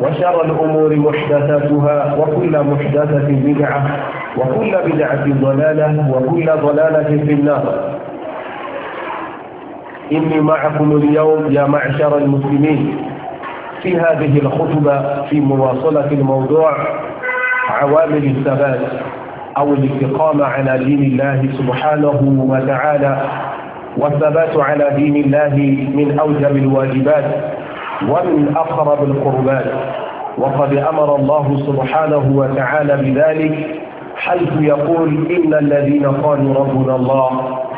وشر الأمور محدثاتها وكل محدثة بدعة وكل بدعة ضلالة وكل ضلالة في النار إني معكم اليوم يا معشر المسلمين في هذه الخطبة في مواصلة الموضوع عوامل الثبات أو الاستقامة على دين الله سبحانه وتعالى والثبات على دين الله من أوجب الواجبات ومن أقرب القربات وقد أمر الله سبحانه وتعالى بذلك حيث يقول إن الذين قالوا ربنا الله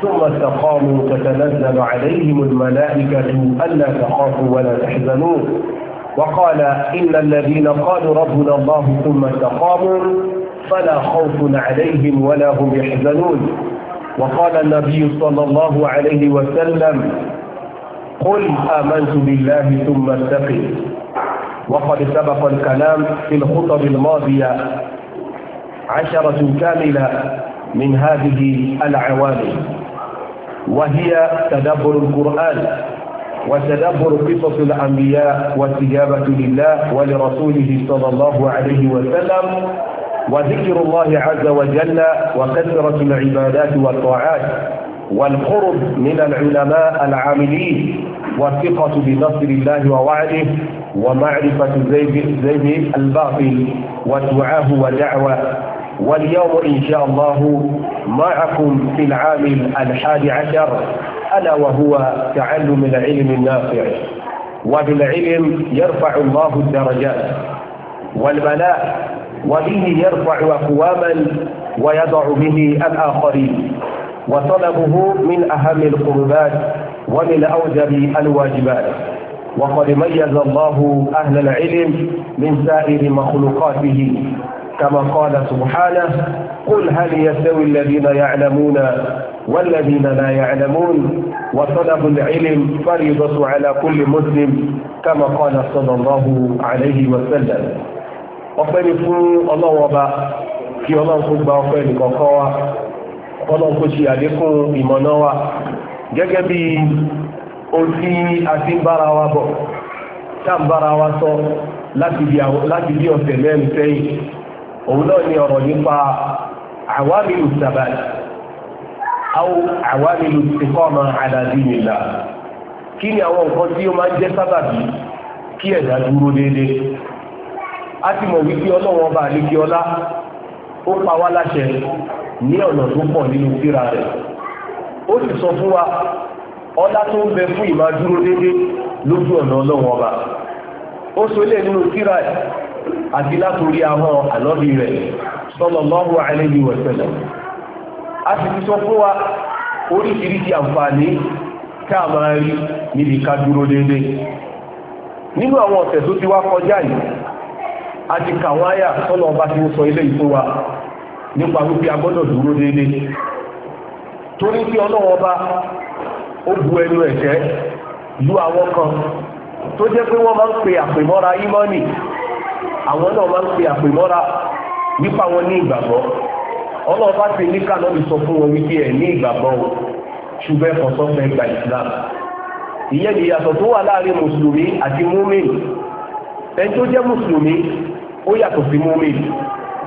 ثم استقاموا تتنزل عليهم الملائكة ألا تخافوا ولا تحزنوا وقال إن الذين قالوا ربنا الله ثم استقاموا فلا خوف عليهم ولا هم يحزنون وقال النبي صلى الله عليه وسلم قل آمنت بالله ثم استقم وقد سبق الكلام في الخطب الماضية عشرة كاملة من هذه العوامل وهي تدبر القرآن وتدبر قصص الأنبياء واستجابة لله ولرسوله صلى الله عليه وسلم وذكر الله عز وجل وكثرة العبادات والطاعات والقرب من العلماء العاملين والثقة بنصر الله ووعده ومعرفة زيد زيد الباطل ودعاه ودعوة واليوم إن شاء الله معكم في العام الحادي عشر ألا وهو تعلم العلم النافع وبالعلم يرفع الله الدرجات والبلاء وبه يرفع أقواما ويضع به الآخرين وطلبه من أهم القربات ومن أوجب الواجبات وقد ميز الله أهل العلم من سائر مخلوقاته كما قال سبحانه قل هل يستوي الذين يعلمون والذين لا يعلمون وطلب العلم فريضة على كل مسلم كما قال صلى الله عليه وسلم وقال فون الله وبا في الله سبحانه وتعالى ọlọ́run kó ṣe wa gẹ́gẹ́ bí ohun tí a wa bọ̀ tá ń wa sọ láti bí ọ̀sẹ̀ mẹ́rin sẹ́yìn òun náà ni ọ̀rọ̀ nípa àwámìlú sàbàlì àwọn àwámìlú istiqama ala dinillah kí ni àwọn nǹkan tí ó máa ń jẹ́ kí dúró déédéé a ti mọ̀ wípé àlékí ọlá ó pa wá láṣẹ ní ọ̀nà tó pọ̀ nínú síra rẹ̀ ó sì sọ fún wa ọlá tó ń bẹ fún ìmá dúró dédé lójú ọ̀nà ọlọ́run ọba ó sọ ilé nínú síra ẹ̀ àti látòrí ahọ́n àlọ́bí rẹ̀ sallallahu alayhi wa sallam a sì ti sọ fún wa oríṣiríṣi àǹfààní ká máa rí níbi ká dúró dédé nínú àwọn kọjá yìí a ti kàwáyà tọ́lọ ọba ti sọ ilé ìfún wa nípa wípé a gbọ́dọ̀ dúró déédéé torí tí ọlọ́wọ́ ó bu ẹnu ẹ̀tẹ́ lu àwọn kan tó jẹ́ pé wọ́n máa ń pe àpèmọ́ra ímọ́nì àwọn náà máa ń pe àpèmọ́ra nípa wọn ní ìgbàgbọ́ ti ní lè o Islam ìyẹn ìyàtọ̀ tó wà láàrin mùsùlùmí àti ẹni ó yàtọ̀ sí mọ́mìn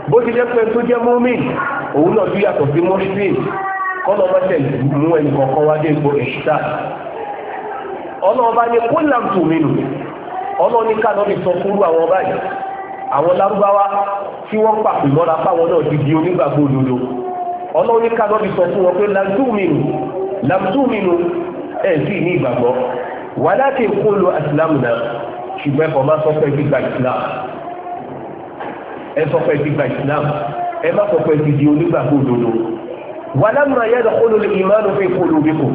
bó ti jẹ́ pé tó jẹ́ mọ́mìn òun náà tó yàtọ̀ sí mọ́ṣíìn kọ́nà mọ́tẹ̀ mú ẹnì kọ̀ọ̀kan wá dé ipò ìṣá ọlọ́ọ̀bá ní kó làǹtù mi nù ọlọ́ọ̀ní kánà ní sọ fúrú àwọn báyìí àwọn lárúbáwá tí wọ́n pàpè mọ́ra fáwọn náà ti di onígbàgbọ́ òdodo ọlọ́ọ̀ní kánà ní sọ fún wọn pé làǹtù mi nù làǹtù mi nù ẹ̀ sì ní ìgbàgbọ́ wàláàkì kó lo àsìlámù náà ṣùgbọ́n ẹ̀kọ́ máa sọ fẹ́ gbígba ìsìlámù ẹ sọ pé ti gba islam ẹ má sọ pé ti di onígbàgbọ́ òdodo wàlámà yàrá kóló lè ìmánu fi kóló bí kò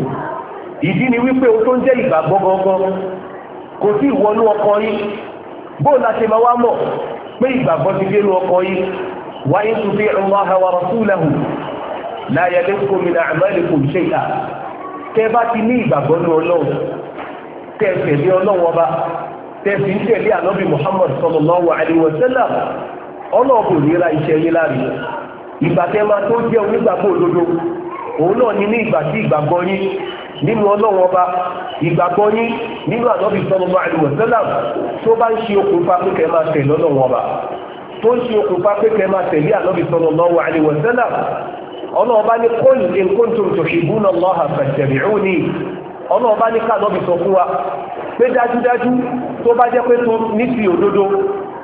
ìdí ni wípé o tó ń jẹ́ ìgbàgbọ́ gangan kò sí ìwọnú ọkàn yín bóò la ṣe máa wá mọ̀ pé ìgbàgbọ́ ti dé nu ọkàn yín wáyé tó fi Allaha wa rasulahu láyé lẹ́kọ̀ọ́ mi náà àmàlẹ́ kò ṣe ìta tẹ́ bá ti ní ìgbàgbọ́ nu ọlọ́run tẹ́ tẹ̀lé ọlọ́run ọba tẹ́ sì ń tẹ̀lé ànábì Muhammad sallallahu ọlọ́ọ̀bù nira iṣẹ́ yín láàrin ìgbà tẹ́ máa tó jẹ́ onígbàgbọ́ òdodo òun náà ní ní ìgbà tí ìgbàgbọ́ yín nínú ọlọ́run ọba ìgbàgbọ́ yín nínú ànábì sallallahu alaihi wasallam tó bá ń ṣe okùnfà pé kẹ́ máa tẹ̀lé ọlọ́run ọba tó ń ṣe okùnfà pé kẹ́ máa tẹ̀lé ànábì sallallahu alaihi wasallam ọlọ́run bá ní qul in kuntum tuhibbuna Allaha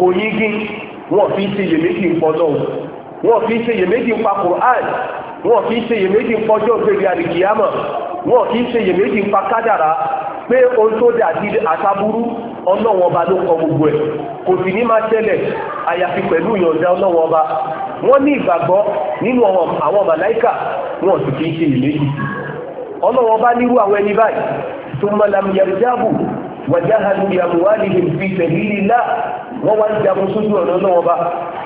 kò yígí wọ́n fi ṣe iyèméjì ń pọ́jọ́ wọ́n fi ṣe iyèméjì ń pa Qur'an wọ́n fi ṣe méjì ń pọ́jọ́ gbèrè àdìgíyàmọ̀ wọ́n fi ṣe méjì ń pa kádàrà pé ohun tó dà àtàbúrú ọlọ́wọ́n ọba ló kọ gbogbo ẹ̀ kò sì ní máa ṣẹlẹ̀ àyàfi pẹ̀lú ọlọ́wọ́n ọba wọ́n ní ìgbàgbọ́ nínú àwọn màláìkà sì ọba nírú àwọn ẹni báyìí tó wàjáhàlú bí àmúwálìhìn fi sabilillah wọ́n wá ń jagun sójú ọ̀nà náà bá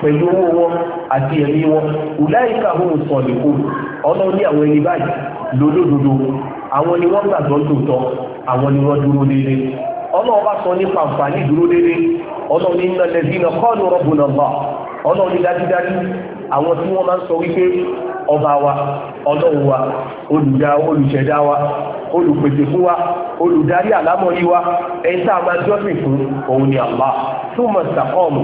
pẹ̀lú owó wọn àti ẹ̀mí wọn ulaika hum sadiqun ọlọ́run ní àwọn ẹni báyìí lódòdodo àwọn ni wọ́n gbàgbọ́ tòótọ́ àwọn ni wọ́n dúró déédéé ọlọ́run bá sọ nípa àǹfààní dúró déédéé ọlọ́run ní innal ladhina qalu rabbuna Allah ọlọ́run ní dájúdájú àwọn tí wọ́n máa ń sọ wípé ọba wa ọlọ́run wa olùdá olùṣẹ̀dá wa olùpèsè fún wa olùdarí àlámọ̀rí wa ẹni tá a máa jọ́sìn fún òun ni Allah túmọ̀ sàkọ́ọ̀mù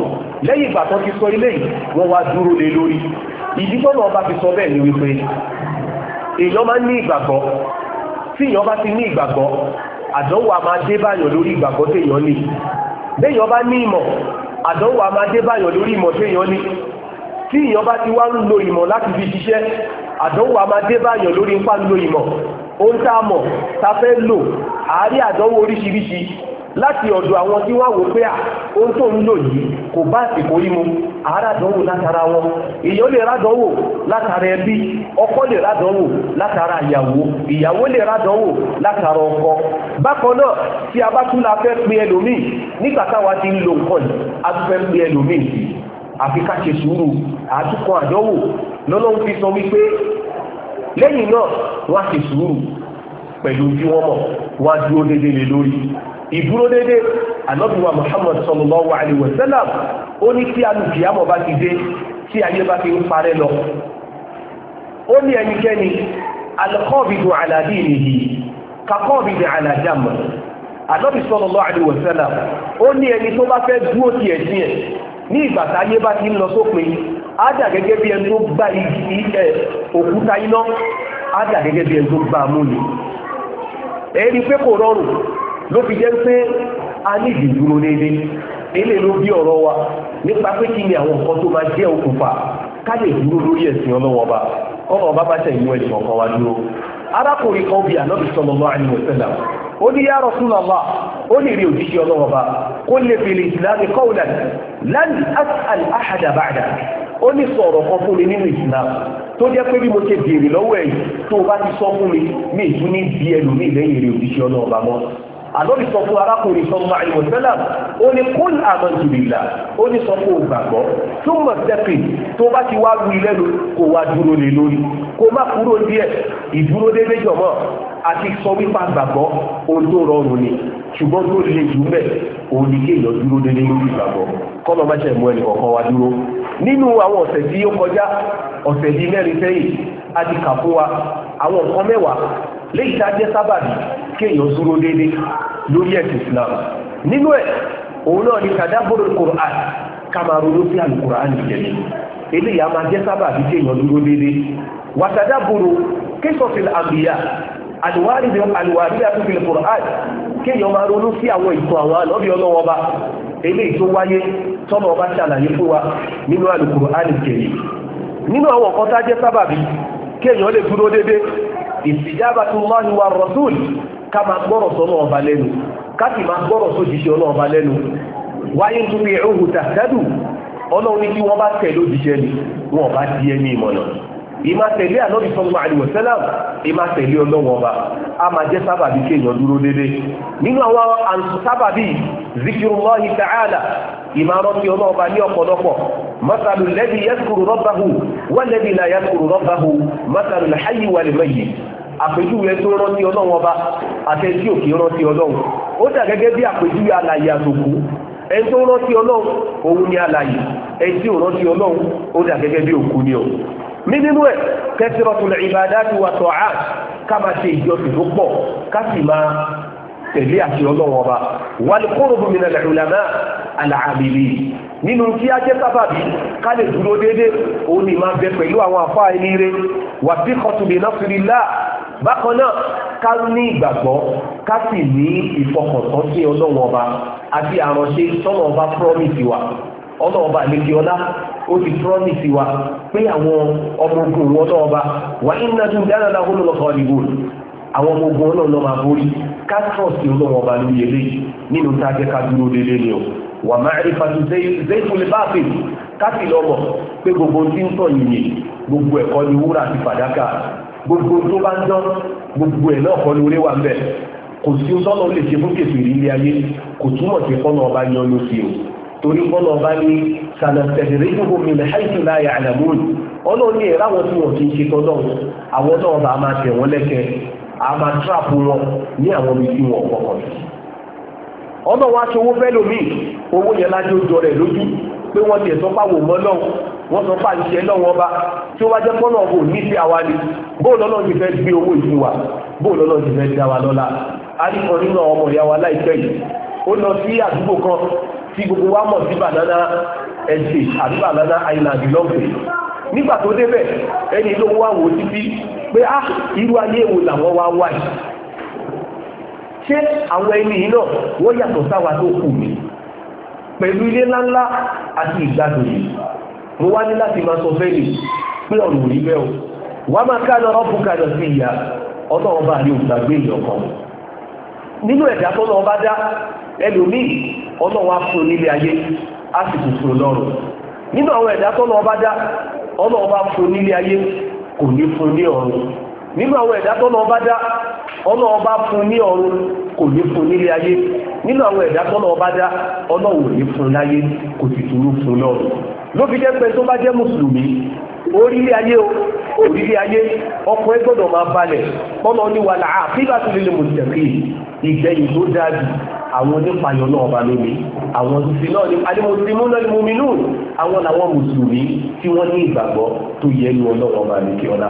lẹ́yìn ìgbà tó ti sọ ilé yìí wọ́n wá dúró lé lórí ìdí tọ́nà ọba fi sọ bẹ́ẹ̀ ni wípé èèyàn máa ń ní ìgbàgbọ́ tí èèyàn bá ti ní ìgbàgbọ́ àdánwò a máa dé báyọ̀ lórí ìgbàgbọ́ téèyàn ní béèyàn bá ní ìmọ̀ àdánwò a máa dé báyọ̀ lórí ìmọ̀ téèyàn ní tí èèyàn bá ti wá ń lo ìmọ̀ láti fi ṣiṣẹ́ àdánwò a máa dé báyọ̀ lórí ipá ń lo ìmọ̀ ohun tá a mọ̀ tá a fẹ́ lò àárí àdánwò oríṣiríṣi láti ọ̀dọ̀ àwọn tí wọ́n wò pé à ohun tó ń lò yìí kò bá àsìkò rí mu àádọ́wò látara wọn èèyàn lè rádọ́wò látara ẹbí ọkọ lè rádọ́wò látara ìyàwó ìyàwó lè rádọ́wò látara ọkọ bákan náà tí a bá tún fẹ́ pe ẹlòmíì nígbà táwa ti ń lo nǹkan a tún fẹ́ pe ẹlòmíì àfi ká ṣe sùúrù àtúkọ àdánwò lọ́lọ́run fi sọ wípé lẹ́yìn náà wá ṣe sùúrù pẹ̀lú bí wọ́n mọ̀ wá dúró dédé lé lórí ìdúró dédé anọ́bíwá Muhammad sallallahu alayhi wa sallam ó ní tí alùpìyàmọ̀ bá ti dé tí ayé bá ti ń parẹ́ lọ ó ní ẹnikẹ́ni alkọ́bìdù aládìrìhì kakọ́bìdù alájàmọ̀ ànábì sallallahu alaihi wasallam ó ní ẹni tó bá fẹ́ dúró ti ẹ̀sìn ẹ̀ ní bá ti ń lọ sópin á gẹ́gẹ́ bí ẹni tó gbá igi ẹ̀ òkúta iná á gẹ́gẹ́ bí ẹni tó gbá ni pé kò rọrùn ló fi jẹ́ a ní ìdìdúró ilé ló bí ọ̀rọ̀ wa nípa pé kí ni àwọn nǹkan tó máa jẹ́ okùnfà ká lè dúró lórí ọba ọba bá tẹ̀yìn ẹ̀sìn wa dúró arákùnrin kan bí ó ní yá Rasulullah ó ní rí òjíṣẹ́ ọlọ́wọ́ bá kó lè fi lè ìsìlámi kọ́ọ̀lá láti as'al ahada ba'da ó ní sọ̀rọ̀ kan fún mi nínú islam tó jẹ́ pé bí mo ṣe béèrè lọ́wọ́ ẹ̀yìn tó o bá ti sọ fún mi ní ìtú ní bí ẹlòmíì lẹ́yìn rẹ̀ òjíṣẹ́ ọlọ́ọ̀bá mọ́ àlọ́bí sọ fún arákùnrin sọmọ àìwọ̀sẹ́là ó ní kún àmọ́jú ìlà ó ní sọ fún ògbàgbọ́ tó mọ̀ sẹ́pì tó bá ti wá wí lẹ́nu kó wá dúró lé lórí kó má kúrò díẹ̀ ìdúró dé méjọ̀ mọ́ àti sọ wípé àgbàgbọ́ ohun tó rọrùn ni ṣùgbọ́n tó lè jù bẹ́ẹ̀ òun ni kí èèyàn dúró dédé lórí ìgbàgbọ́ kọ́nà má ṣe mú ẹnì kọ̀ọ̀kan wa dúró nínú àwọn ọ̀sẹ̀ tí ó kọjá ọ̀sẹ̀ bíi mẹ́rin sẹ́yìn a ti kà fún wa àwọn nǹkan mẹ́wàá léyìí tá a jẹ́ sábàbí kí èèyàn dúró dédé lórí ẹ̀sìn Islam nínú ẹ̀ òun náà ni kàdábòrò Qur'an kàmàrú ló sí àlùkùránì jẹ̀lẹ̀ eléyìí a máa jẹ́ sábàbí kí èèyàn dúró dédé wàtàdábòrò kéṣọ̀fìl àbíyá àlùwárí àtúnfil Qur'an kéèyàn máa ronú sí àwọn ìtàn àwọn ànábì ọlọ́wọ́ bá eléyìí tó wáyé tọ́mọ ọba ṣàlàyé fún wa nínú al-Qur'an nínú àwọn nǹkan tá sábàbí kéèyàn lè dúró dédé istijabatullahi wa ká máa gbọ́rọ̀ ìmá tẹ̀lé ànábì sallallahu alaihi wasallam ìmá tẹ̀lé ọlọ́wọ́ ọba a máa jẹ́ sábàbí kéèyàn dúró dédé nínú àwọn sábàbí zikirullahi ta'ala ìmá rántí ọlọ́ọba ní ọ̀pọ̀lọpọ̀ masalu lẹ́bi rọ́bàhù wọ́n lẹ́bi rọ́bàhù masalu mẹ́yì àpèjúwe tó rántí ọlọ́wọ́ ọba àti tí òkè rántí ọlọ́wọ́ ó dà gẹ́gẹ́ bí àpèjúwe alàyè àtòkù ẹni tó rántí ọlọ́wọ́ òun ni alàyè ẹni tí ò rántí ọlọ́wọ́ ó dà gẹ́gẹ́ bí òkú ni ọ mí nínú ẹ̀ kẹsìrọ̀tún ìbádàtù wà tọ̀ á ká máa ṣe ìjọsìn tó pọ̀ ká sì máa tẹ̀lé àti ọlọ́wọ́ ọba wàlúkúrúbù mi nàlẹ́ ìlànà àlàábìlì nínú kí á jẹ́ sábàbí ká lè dúró déédé òun ni máa bẹ pẹ̀lú àwọn afá ẹnire wà sí kọtùbì náfìrìlá bákan náà ká ní ìgbàgbọ́ ká sì ní ìfọkàntán sí ọlọ́wọ́ àti àránṣe sọ́nà ọba promise wa ọlọ́ọ̀ba àlejò ọlá ó ti promise wa pé àwọn ọmọ ogun wọn ọlọ́ọ̀ba wà ní nàdú dáná láwọn olólùkọ́ ọ̀dìbò àwọn ọmọ ogun ọlọ́ọ̀lọ́ máa borí ká trọ́ọ̀sì ọlọ́ọ̀ba lórí nínú tá a jẹ́ ká dúró délé ni o wà ma'rifatu zayful batil káfí lọ́mọ̀ pé gbogbo tí ń tọ̀ yìnyín gbogbo ẹ̀kọ́ ni wúrà àti fàdákà gbogbo tó bá ń dán gbogbo ẹ̀ náà kọ́ lórí wa ń bẹ̀ kò sí ń tọ́lọ́ lè ṣe fún kèfèrè ilé ayé kò túmọ̀ sí fọ́nà ọba yan ló fi o torí bọ́lọ̀ bá ní sàlọ̀tẹ̀lẹ̀rẹ́gbogbo mílẹ̀ ṣáìsì láyé àlàmún ọlọ́ọ̀ni ẹ̀rá wọn tí wọ́n ti ṣe tọ́lọ́ àwọn náà bá máa tẹ̀ wọ́n lẹ́kẹ́ a máa tíráàpù wọn ní àwọn ibi tí wọ́n kọ̀kọ̀ sí ọ̀nà wa ṣe owó fẹ́lò míì owó yẹn lájọ́ jọ rẹ̀ lójú pé wọ́n tiẹ̀ sọ́pá wò mọ́ náà wọ́n sọ fáà lọ́wọ́ bá tí ó bá jẹ́ pọ́nà ọ̀bọ̀ ní sí àwa ni bóò lọ́nà ti fẹ́ gbé owó ìfún wa bóò lọ́nà ti fẹ́ dá wa lọ́la a ní kan nínú ọmọ ìyá wa láìpẹ́ yìí ó lọ sí àdúgbò kan tí gbogbo wa mọ̀ sí banana ẹ̀jẹ̀ àbí banana island lọ́gbẹ̀ẹ́ nígbà tó débẹ̀ ẹni ló wá wò títí pé á ah, irú ayé wo làwọn wá wà yìí ṣé àwọn ẹni yìí náà wọ́n yàtọ̀ sáwa tó kù mí pẹ̀lú ilé ńláńlá àti ìgbàdùn yìí mo wá ní láti máa sọ fẹ́lẹ̀ pé ọ̀rùn rí bẹ́ẹ̀ o wàá máa ká lọ rọ́pù kalẹ̀ sí ìyá ọlọ́run bá ní ògbàgbé ìyọ̀kan nínú ẹ̀dá tó lọ bá dá ẹlòmíì ọlọ́wọ́ fún nílé ayé á fún lọ́rùn nínú àwọn ẹ̀dá tọ́nà ọba dá ọlọ́wọ́ fún ayé kò ní fún ní nínú àwọn ẹ̀dá tọ́lọ ọba dá ọlọ́wọ́ fún ní kò ní fún nílé ayé nínú àwọn ẹ̀dá tọ́lọ ọba dá ọlọ́wọ́ ní fún láyé kò sì tún fún ló fi jẹ́ pé tó bá jẹ́ mùsùlùmí orílẹ̀ ayé o orílẹ̀ ayé ọkọ̀ ẹgbọ́dọ̀ máa balẹ̀ ọmọ oníwà làá fígbà tó lè mùsùlùmí ìgbẹ̀yìn tó dájú àwọn onípayọ̀ náà bá lómi àwọn òṣìṣẹ́ náà ní alimọ̀símú náà ni mo mi nù àwọn làwọn mùsùlùmí tí wọ́n ní ìgbàgbọ́ tó yẹ ní ọlọ́wọ́ bá ní kí ọlá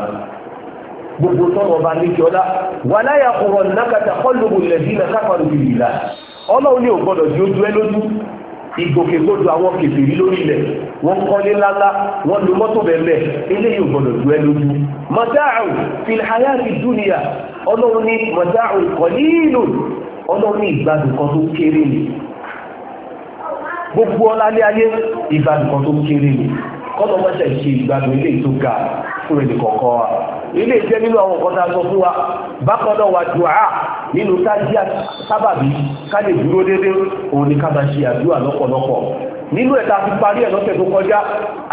gbogbo tọ́wọ́ bá ní kí ọlá wà láyà kọ̀rọ̀ nàkàtà kọ́lùmù lẹ́bí nàkàfàrù bìbìlà ọlọ́run ní ò gbọ́dọ̀ tí ó ìgbòkègbodò àwọn kèfèrí lórí ilẹ̀ wọ́n kọ́lé lálá wọ́n lo mọ́tò bẹ̀rẹ̀ eléyìí gbọ́dọ̀ ju ẹ lójú mọ̀dáàrù filhayati dúnìyà ọlọ́run ní mọ̀dáàrù kọ̀lílù ọlọ́run ní ìgbádùn kan tó kéré ni gbogbo ọlálé ayé ìgbádùn kan tó kéré ni kọ́lọ́ mọ́ṣẹ̀ ṣe ìgbádùn ilé tó ga fún ẹnì kọ̀ọ̀kan wa ilé jẹ́ nínú àwọn nǹkan tá a sọ fún wa bákan náà wà dùá nínú tájí sábàbí ká lè dúró déédéé òun ni ká máa ṣe àdúrà lọ́pọ̀lọpọ̀ nínú ẹ̀ta fi parí ẹ̀ lọ́sẹ̀ tó kọjá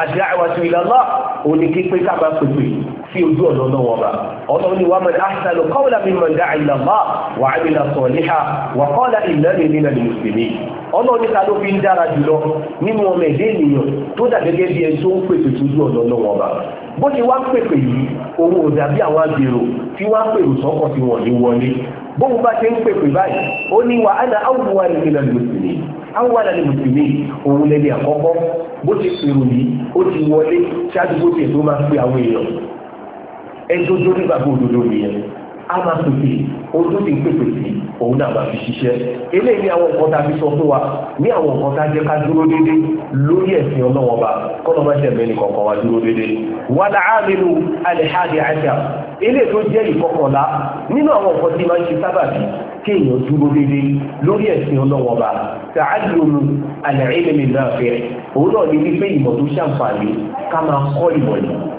ad-da'watu ila Allah òun ni kí pé ká máa pèpè sí ojú ọ̀nà náà wọ̀ bá ọ̀nà ni wa man ahsanu qawlan mimman da'a ila Allah wa 'amila salihan wa qala innani minal muslimin ọlọ́run níta ló fi ń dára jùlọ nínú ọmọ ẹ̀dẹ́ ènìyàn tó dà gẹ́gẹ́ bí ẹni tó ń pèsè sójú ọ̀nà náà wọ̀ bá bó ṣe wá pèpè yìí òun ò dàbí àwọn agbèrò tí wá pèrò sọ́kọ̀ tí wọ́n ní wọlé bóun bá ṣe ń pèpè báyìí ó ní wa ana awùwà ní ilẹ̀ mùsùlùmí awùwà ní mùsùlùmí òun lẹ́ni àkọ́kọ́ bó ṣe pèrò yìí ó ti wọlé ṣáájú bó tó máa pè àwọn èèyàn a máa pèpè ojú ti pèpè sí òun náà máa fi ṣiṣẹ́ eléyìí ní àwọn nǹkan tá a fi sọ fún wa ní àwọn nǹkan tá a jẹ́ ká dúró dédé lórí ẹ̀sìn ọlọ́wọ́n ba kọ́nà máa ṣẹ̀mẹ́ ní kọ̀ọ̀kan wa dúró dédé wà láàmìlú alẹ́hàdì àṣà eléyìí tó jẹ́ ìkọkànlá nínú àwọn nǹkan tí máa ń ṣe sábàbí kéèyàn dúró dédé lórí ẹ̀sìn ọlọ́wọ́n ba tààdùnú alẹ́ ìlẹ̀mí náà fẹ́ òun náà ní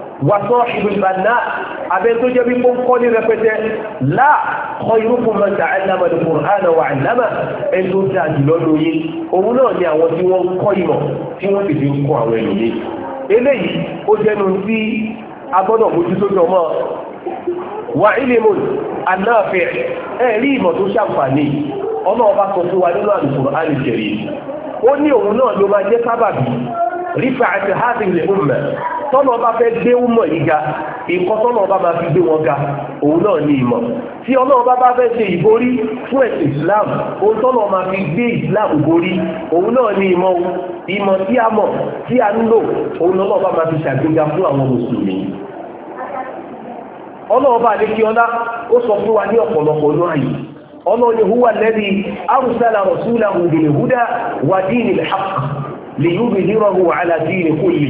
wàtọ́ ìbìlbànà abẹ́ tó jẹ́ bí kó ń kọ́ ní rẹpẹtẹ láà kọ́ irúkùn lọ jà ẹ́nàmà ní kùránà wà ẹ́nàmà ẹni tó dáa jùlọ lóye òun náà ni àwọn tí wọ́n ń kọ́ ìmọ̀ tí wọ́n sì fi ń kọ́ àwọn ẹlòmí eléyìí ó jẹ́nu tí a gbọ́dọ̀ mójútó jọ mọ́ wà ilmun anáfẹ́ ẹ̀rí ìmọ̀ tó ṣàǹfààní ọmọ ọba sọ fún wa nínú àlùkùránì jẹ̀rí ó ní òun náà ló máa jẹ́ sábàbí rífà hàtì lè mú tọ́nà ọba fẹ́ gbé ọmọ tọ́nà ọba máa fi gbé wọn ga òun náà ní ìmọ̀ tí ọlọ́run bá bá fẹ́ ṣe ìborí fún Islam ohun tọ́nà fi gbé Islam borí òun náà ní ìmọ̀ ìmọ̀ tí a mọ̀ tí a ń lò òun náà máa fi ṣàgbéga fún àwọn mùsùlùmí àdékí ọlá ó sọ fún wa ní ọ̀pọ̀lọpọ̀ ọdún lè yóò bí nírọ̀hù wàhálà sí ilẹ̀ kò lè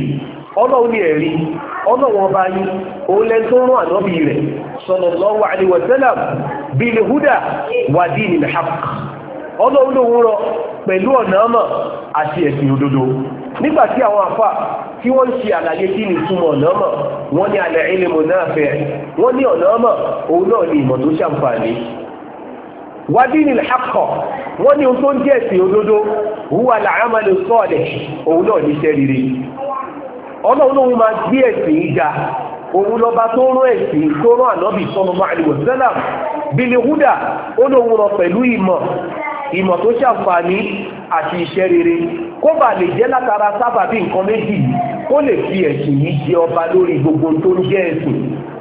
ọlọ́run ní ẹ̀rí ọlọ́wọ́n bá yí òun lẹ́n tó rán ànábì rẹ̀ sallallahu alaihi wasallam bil huda wa dinil haqq ọlọ́run ló wúrọ pẹ̀lú ọ̀nà ọmọ àti ẹ̀sìn òdodo nígbà tí àwọn àfà tí ní al-ilmu wàdínì àkọ́ wọ́n ní ohun tó ń jẹ́ ẹ̀sìn òdodo huwa làámàlù sọ́ọ̀lẹ̀ òun náà níṣẹ́ rere ọlọ́run lóun máa gbé ẹ̀sìn ìjà òun lọ́ba tó rán ẹ̀sìn tó rán ànábì sallallahu alaihi wasallam bilihuda ó lóun rán pẹ̀lú ìmọ̀ ìmọ̀ tó ṣàǹfààní àti iṣẹ́ rere kó bà lè jẹ́ látara sábàbí nǹkan méjì kó lè fi ẹ̀sìn yìí jẹ ọba lórí gbogbo tó ń jẹ́ ẹ̀sìn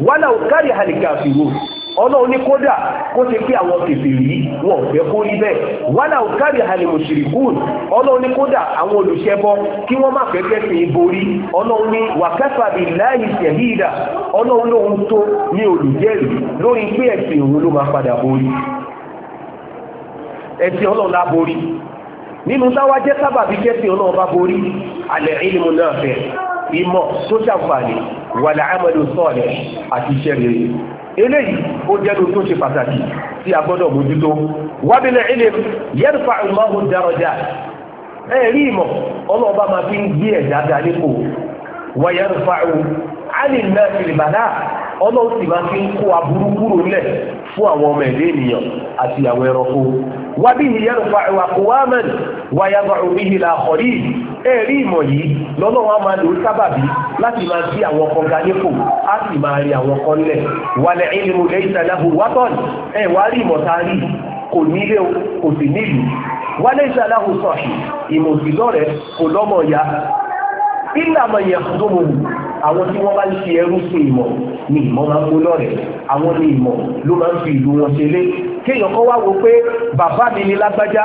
wálá òkárì àlìkàfìwò ọlọ́run ní kódà kó ṣe pé àwọn kèfèrí wọn ò fẹ́ kó rí bẹ́ẹ̀ wàhálà ò kárí àlèmọ̀ ṣìrìkún ọlọ́run ní kódà àwọn olùṣẹ́bọ kí wọ́n má fẹ́ fẹ́ sìn borí ọlọ́run ní wàkẹ́fà bíi láì ṣẹ̀hídà ọlọ́run lóhun tó ní olùjẹ́rìí lórí pé ẹ̀sìn òun ló máa padà borí ẹ̀sìn ọlọ́run lá borí nínú táwa jẹ́ sábàbí kẹ́sìn ọlọ́run bá borí alẹ́ ìlú náà fẹ́ ìmọ̀ tó ṣàǹfààní wàlẹ́ àmọ́lò àti iṣẹ́ rere eléyìí ó jẹ́ ló tó ṣe pàtàkì tí a gbọ́dọ̀ mójútó wábílẹ̀ ilẹ̀ yẹ́rùfà ìmọ̀hù dárọjà ẹ̀rí ìmọ̀ ọlọ́ọ̀bá máa fi ń gbé ẹ̀dá dalẹ́kọ̀ọ́ wà yẹ́rùfà ìmọ̀ ọlọ́run sì máa fi ń kó aburú kúrò lẹ̀ fún àwọn ọmọ ẹ̀dẹ́ ènìyàn àti àwọn ẹranko wá bí ìyẹn fa ìwà kó wá mẹ́n wáyàgbà omi ìlà àkọ́rí ẹ̀rí ìmọ̀ yìí lọ́nà wa máa lò sábàbí láti máa sí àwọn kan ga nípò á sì máa rí àwọn kan lẹ̀ wàlẹ̀ ìlú lẹ́yìn tàdáhù wátọ́n ẹ̀ wá rí ìmọ̀ tá a rí kò nílé kò sì nílùú wálé ìṣàláhù sọ̀ṣì ìmọ̀ ya ìlàmọ̀ àwọn tí wọ́n bá ń ṣe ẹrú sí ìmọ̀ ni ìmọ̀ máa ń kó lọ́rẹ̀ àwọn ni ìmọ̀ ló máa ń fi ìlú wọn ṣe lé kéèyàn kan wá wo pé bàbá mi ni lágbájá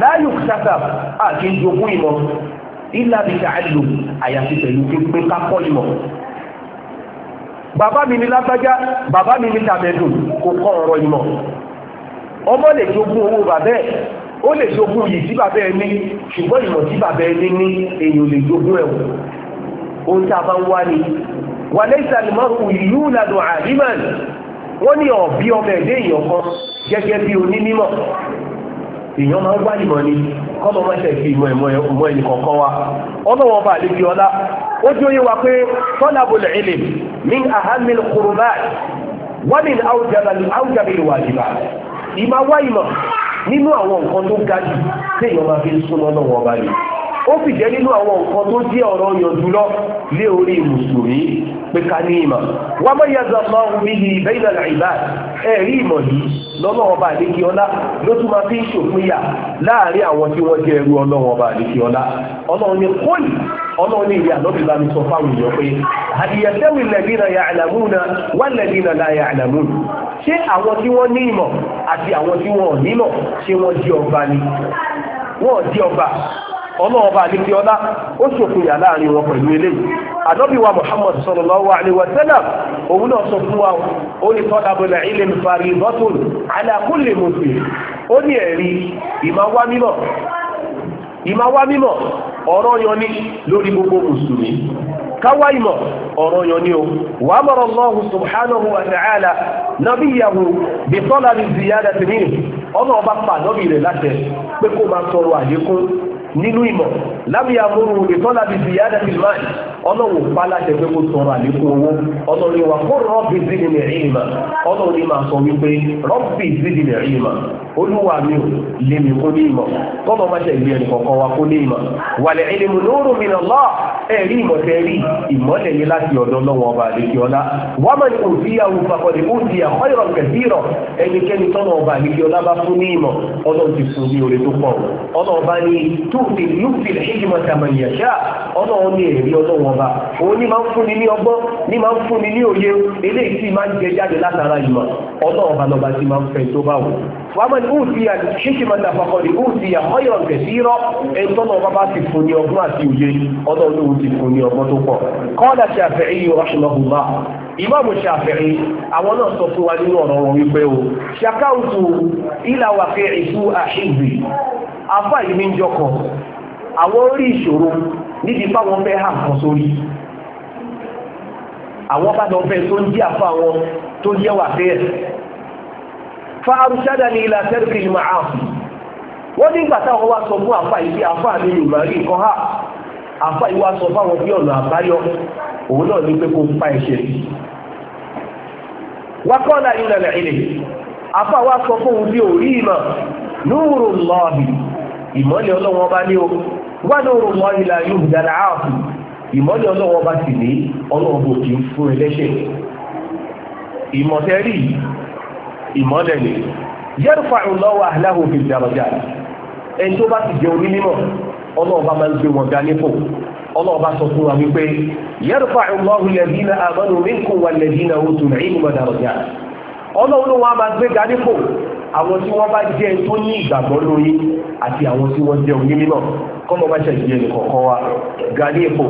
láàyò sábà àti ìjogún ìmọ̀ ilà bí sàálù àyàfi pẹ̀lú pé ká kọ́ ìmọ̀ bàbá mi ni lágbájá bàbá mi ni tàbẹ̀dùn kò kọ́ ọ̀rọ̀ ìmọ̀ ọmọ lè jogún owó bàbẹ́ ó lè jogún yìí tí bàbá ẹni ṣùgbọ́n ìmọ̀ tí bàbá ẹni ní èèyàn lè jogún ẹ̀wọ̀n ohun tí a bá ń wá ni wà lẹ́sà ni máa ń ìlú ìlànà àríman wọ́n ní ọ̀bí ọmọ ẹ̀dẹ́ èèyàn kan gẹ́gẹ́ bí onímọ̀ èèyàn máa ń wá ìmọ̀ ni kọ́mọ máa ṣe fi ìmọ̀ ìmọ̀ ìmọ̀ ẹni kọ̀ọ̀kan wa ọlọ́wọ́n bá àlejò ọlá ó jẹ́ òye wa pé tọ́lá bolẹ̀ ilẹ̀ ní ahamil kurubá wọ́n ní àwùjábìlì wàjìbà ìmọ̀ wá ìmọ̀ nínú àwọn nǹkan tó ga jù tí máa fi súnmọ́ náà wọ́n bá yìí ó fi jẹ́ nínú àwọn nǹkan tó jẹ́ ọ̀rọ̀ yàn jùlọ lé orí mùsùlùmí pé ká ní ìmọ̀ wà mọ́ yàtọ̀ mọ́ omi ní ìbẹ́yìn ọ̀la ìbá ẹ̀rí ìmọ̀ yìí lọ́nà ọba àdékí ọlá ló tún máa fi ń ṣòpinya láàrin àwọn tí wọ́n jẹ́ ẹrú ọlọ́run ọba àdékí ọlá ọlọ́run ní kóyì ọlọ́run ní ìyá lọ́bí bá mi sọ fáwọn èèyàn pé àdìyẹ̀tẹ́wì lẹ́bínà yà àlàmúnà wà lẹ́bínà láyà àlàmúnà ṣé àwọn tí wọ́n ní àti àwọn tí wọ́n nímọ̀ ṣé wọ́n di ọba ni wọ́n di ọba ọlọ́ọ̀bá ọba ọlá ó ṣòkòyà láàrin wọn pẹ̀lú eléyìí ànábì wa muhammad sallallahu òun náà sọ fún wa ó ní tọ́lá bọ̀lá nfàrí bọ́tùn ala ó ní ẹ̀rí ìmáwá mímọ̀ ọ̀rọ̀ yan ní lórí gbogbo mùsùlùmí káwá ìmọ̀ ọ̀rọ̀ yan o wà mọ̀rọ̀ subhanahu wa ta'ala nabiyahu rẹ̀ ma tọrọ nínú ìmọ̀ lábíyà múrù ìtọ́lá bí ti yáda fi máa ọlọ́run pálá tẹ̀gbẹ́ kó tọrọ àlékún owó ọlọ́run wà fún rọ́bì zidni ilma ọlọ́run máa sọ wípé rọ́bì zidni ilma olúwa mi ò lè mi kó ní ìmọ̀ tọ́lọ́ máa tẹ̀lé ẹnì kọ̀ọ̀kan wa kó ní ìmọ̀ wàlẹ̀ ilmu nurun min Allah ẹ̀rí ìmọ̀ tẹ́ rí ìmọ̀lẹ̀ ní láti ọ̀dọ̀ lọ́wọ́ ọba àdékíọ́lá wọ́n máa ní òsíyàwó fàkọ̀dé òsíyà khayran kathira ẹnikẹ́ni tọ́lọ́ ọba àdékíọ́lá bá fún ní ìmọ̀ ọlọ́run ti fún ní oore tó pọ̀ ọlọ́run yóòfì yóòfì ṣíkìmọ̀ tàmàlìyàṣá ọlọ́run ní ẹ̀rí ọlọ́run ọba òun ní máa ń fúnni ní ọgbọ́n ní máa ń fúnni ní òye eléyìí tí máa ń jẹ jáde látara ìmọ̀ ọlọ́run lọ́ba tí máa ń fẹ́ tó bá wù. wàmọ̀ ní òun ti yà ṣíkìmọ̀ tàfàkọ̀ ní òun ti yà ọyọ̀ kẹsìrọ̀ ẹ̀tọ́ náà bá ti fún ní ọgbọ́n àti òye ọlọ́run ṣàfẹ́rí àwọn náà sọ fún wa nínú ọ̀rọ̀ wọn wípé o ṣàkáùtù ìlàwàfẹ́ ìfú àṣìgbì afá yìí ní jọkọ̀ àwọn orí ìṣòro níbi fáwọn fẹ́ hàn kan sórí àwọn bá fẹ́ tó ń jí àfá wọn tó jẹ́ wà fẹ́ fáarùsádà ní ilà tẹ́rìkì wọ́n nígbà táwọn wá sọ fún àfá yìí àfá mi yóò rí nǹkan hà àfá yìí sọ fáwọn bí ọ̀nà àbáyọ òun náà ní pé kó pa ẹ̀ṣẹ̀ wákọ́ọ̀lá sọ fún òun bí lóòrò lọ́ọ̀hì ìmọ́lẹ̀ ọlọ́wọ́n bá ní o wá lóòrò lọ́ọ̀hì la yóò dára áàfù ìmọ́lẹ̀ ọlọ́wọ́n bá sì ní ọlọ́wọ́n bò kí ń fún ẹlẹ́ṣẹ̀ ìmọ̀tẹ́rì ìmọ́lẹ̀ ni yẹ́rùfà ìlọ́wọ́ aláhùn fi dàrọ̀jà ẹni tó bá ti jẹ orí mímọ́ ọlọ́ọ̀bá máa ń gbé wọn ga nípò ọlọ́ọ̀bá sọ fún wa wípé yẹ́rùfà ìlọ́wọ́ àwọn tí wọ́n bá jẹ́ tó ní ìgbàgbọ́ lórí àti àwọn tí wọ́n jẹ́ onímọ̀ náà kọ́mọ bá ṣẹ̀ṣẹ̀ ní kọ̀ọ̀kan wa gàdé epo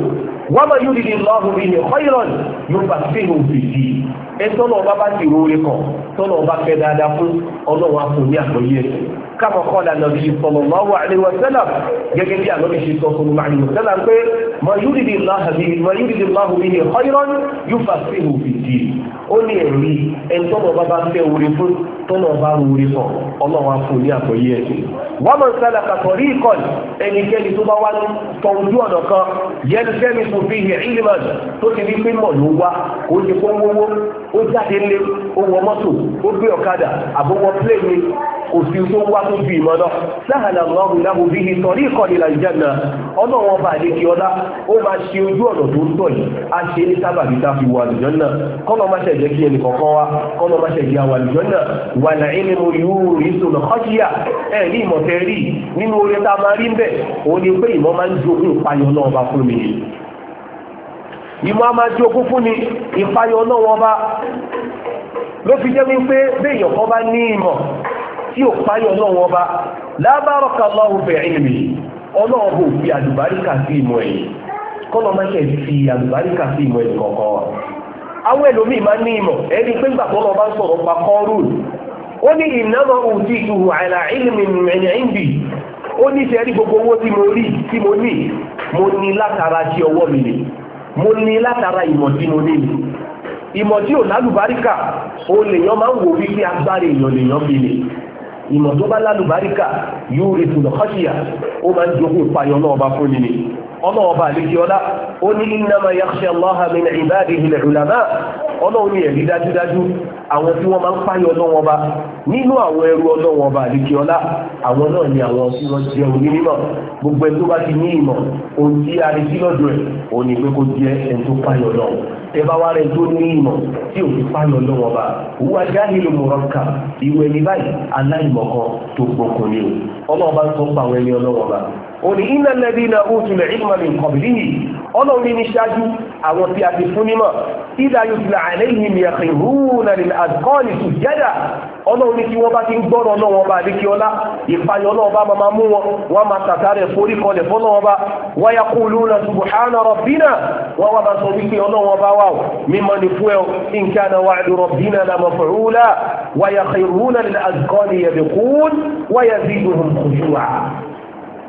wọ́n bá yóò dìde lọ́hùn mi ní ọ̀yọ́rọ̀n yóò bá fẹ́ẹ̀ hù sí i ẹ tọ́nà ọba bá ti roore kàn tọ́nà ọba fẹ́ dáadáa fún ọlọ́run àpò ní àgbọ̀yé ẹ̀ kama kọ́lá nàbí sallallahu alaihi wa sallam gẹ́gẹ́ bí àlọ́bí ṣe sọ fún màálù sẹ́là pé ma yúrìdì láhùn mi ní ọ̀yọ́rọ̀n yóò bá fẹ́ẹ̀ hù sí i ó ní ẹ̀rí ẹ̀ tọ́nà ọba bá fẹ́ oore fún tọ́nà ọba roore kàn ọlọ́run àpò ní àgbọ̀yé ẹ̀ wọ́n mọ̀ sálà kàtọ́rí ìkọ́ni ẹnikẹ́ni ẹnikẹ́ni tó bá wá tọ ojú ọ̀nà kan yẹnikẹ́ni tó fi yẹ ìlímọ̀n tó ti ní mímọ̀ ló wá kó ní kó ó jáde lé ó wọ ó gbé ọ̀kadà àbówọ́ pléèmì kò sí tó wá tó ju ìmọ̀ lọ sáhàlà lọ́rùn náà òbí ni sọ̀rí ìkọ̀lì làjẹ́nà ọ̀nà wọn bá lè kí ọlá ó máa ṣe ojú ọ̀nà tó ń tọ̀ yìí á ṣe ní sábàbí tá a fi wà àlùjànnà kọ́nà má ṣẹ̀jẹ̀ kí ẹnì kọ̀ọ̀kan wa kọ́nà má ṣẹ̀jẹ̀ àwọn àlùjànnà wà láì ní ni pé ìmọ̀ máa ń jogún ìpayọ̀ náà bá fún mi ìmọ̀ a máa ni ìpayọ̀ náà wọn bá ló fi jẹ́ wípé béèyàn kan bá ní ìmọ̀ tí ò páyọ̀ ọlọ́run ọba lábárọ̀kà ọlọ́run bẹ̀rẹ̀ ìlú ọlọ́run bò fi àlùbáríkà sí ìmọ̀ ẹ̀yìn kọ́nà mẹ́kẹ̀ fi àlùbáríkà sí ìmọ̀ ẹ̀yìn kọ̀ọ̀kan wa àwọn ẹlòmíì máa ní ìmọ̀ ẹni pé gbà tó ìmọ̀ tí ò lálùbáríkà ó lèèyàn máa ń wò wípé agbára èèyàn lèèyàn fi lè ìmọ̀ tó bá lálùbáríkà yóò retò lọ́kọ́ṣíyà ó máa ń jogún ìpayọ̀ náà ọba fún ni ni ọlọ́ọ̀bá àlejò ọlá ó ní innama yakhsha Allaha min ibadihi al-ulama ọlọ́run ní ẹ̀rí dájúdájú àwọn tí wọ́n máa ń páyọ ọlọ́wọ́n ọba nínú àwọn ẹrú ọlọ́wọ́n ọba àlejò ọlá àwọn náà ni àwọn tí wọ́n jẹ́ òní mímọ̀ gbogbo ẹni tó bá ti ní ìmọ̀ ohun tí a rí sí lọ́dọ̀ ẹ̀ òun ni pé kó jẹ́ ẹni tó páyọ ọlọ́run tẹ́bá wá rẹ̀ tó ní ìmọ̀ tí ò fi pààyàn lọ́wọ́ bá wúwa jáhìlì mùrọ̀kà ìwé ní báyìí aláìmọ̀kan tó gbọ̀kùn ni o ọlọ́ọ̀bá ń sọ pa àwọn ẹni ọlọ́wọ́ bá òní iná lẹ́bí iná òtúlẹ̀ ìmọ̀lẹ̀ ìkọ̀bìlì yìí ọlọ́run ní ṣáájú àwọn tí a ti fún nímọ̀ ìdá yóò fi àlẹ́ yìí ní ẹ̀kìn rúùnà ní àdúkọ́ọ̀lì tó jẹ́dà ọlọ́run ní kí wọ́n bá ti ń gbọ́rọ̀ náà wọn bá adékè ọlá ìpayọ̀ náà ọlọ́run bá wà ó mímọ́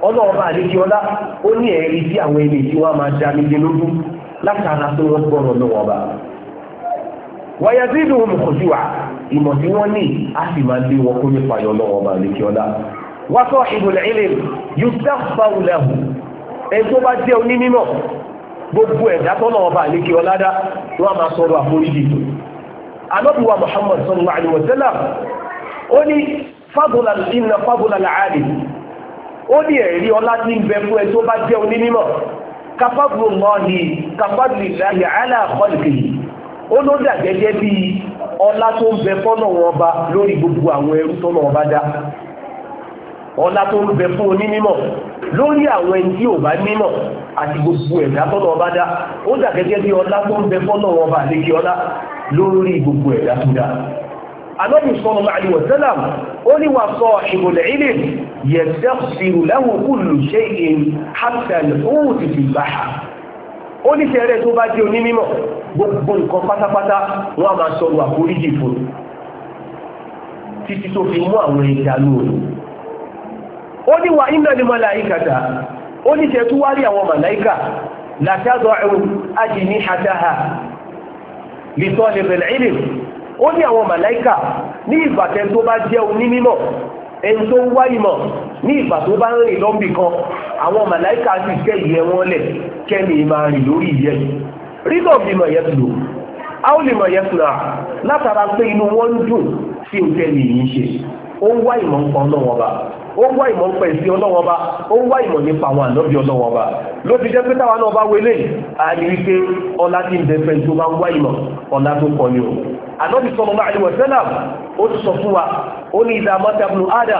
ọlọ́ọ̀bá àdéjọ́lá ó ní ẹ̀rí tí àwọn ẹni tí wọ́n máa dá nílé lógún látara tó wọ́n gbọ́rọ̀ lọ́wọ́ ọba. wáyà tí ìlú wọn kò sí wa ìmọ̀ tí wọ́n ní á sì máa lé wọn kó nípa ayọ̀ ọlọ́ọ̀bá àdéjọ́lá. wá sọ ìbùlẹ̀ ilẹ̀ yóò dáfà wùlẹ̀hù ẹ tó bá jẹ́ onímọ̀ gbogbo ẹ̀dá tọ́lọ́ọ̀bá àdéjọ́lá dá wọ́n máa sọ̀rọ̀ àforíjì tó. anábùwà Muhammad sallallahu alaihi wa ó ní fábùlà ìnà fábùlà làálì ó ní ẹ̀rí ọlá tí ń bẹ fún ẹ tó bá jẹ́ onímọ̀ kápábùrù mọ́ọ̀lì kápábùrù láyé aláàkọ́lùkì ó ló dà bí ọlá tó ń bẹ fọ́nà wọn bá lórí gbogbo àwọn ẹrú tọ́nà wọn bá dá ọlá tó ń bẹ fún lórí àwọn gbogbo ẹ̀dá tọ́nà wọn bá dá ó bí ọlá tó ń bẹ fọ́nà wọn bá Ànábì sallallahu alaihi wasallam ó ní wà sọ ìbòlẹ̀ ilé yẹ̀sẹ̀sìrù láwọn kúlù ṣe in hapsel oó ti fi bá ha ó ní tẹ́rẹ tó bá jẹ́ onímọ̀ gbogbo nǹkan pátápátá wọ́n máa sọ̀rọ̀ àforíjì fún títí tó fi mú àwọn ẹja lóòrù ó ní wà iná ni màláìkà dá ó ní tẹ́ tó wá àwọn màláìkà látàdọ̀ ẹ̀rù ajì ní àdáhà lè tọ́ bẹ̀rẹ̀ ilé ó ní àwọn màláìkà ní ìbàtẹ́ tó bá jẹ́ onímọ̀ ẹni tó ń wá ìmọ̀ ní ìgbà tó bá ń rìn lọ́mbì kan àwọn màláìkà sì kẹ́ ìyẹ́ wọn lẹ̀ kẹ́ni máa rìn lórí ìyẹ́ rídọ̀ bí mọ̀ yẹ́ tùlò a ó lè mọ̀ yẹ́ tùlà látara pé inú wọn ń dùn sí òkè nìyí ṣe ó ń wá ìmọ̀ nǹkan náà wọn bá ó wá ìmọ̀ nípa ìsìn ọlọ́wọ́ bá ó wá ìmọ̀ nípa àwọn ànábì ọlọ́wọ́ bá ló fi jẹ́ pé táwọn náà bá wọlé àní wípé ọlá tí ń bẹ fẹ́ tó bá ń wá ìmọ̀ ọlá tó kọ ni o ànábì sallallahu alaihi wasallam ó ti sọ fún wa ó ní ìdá mọ́tàbùnú ádà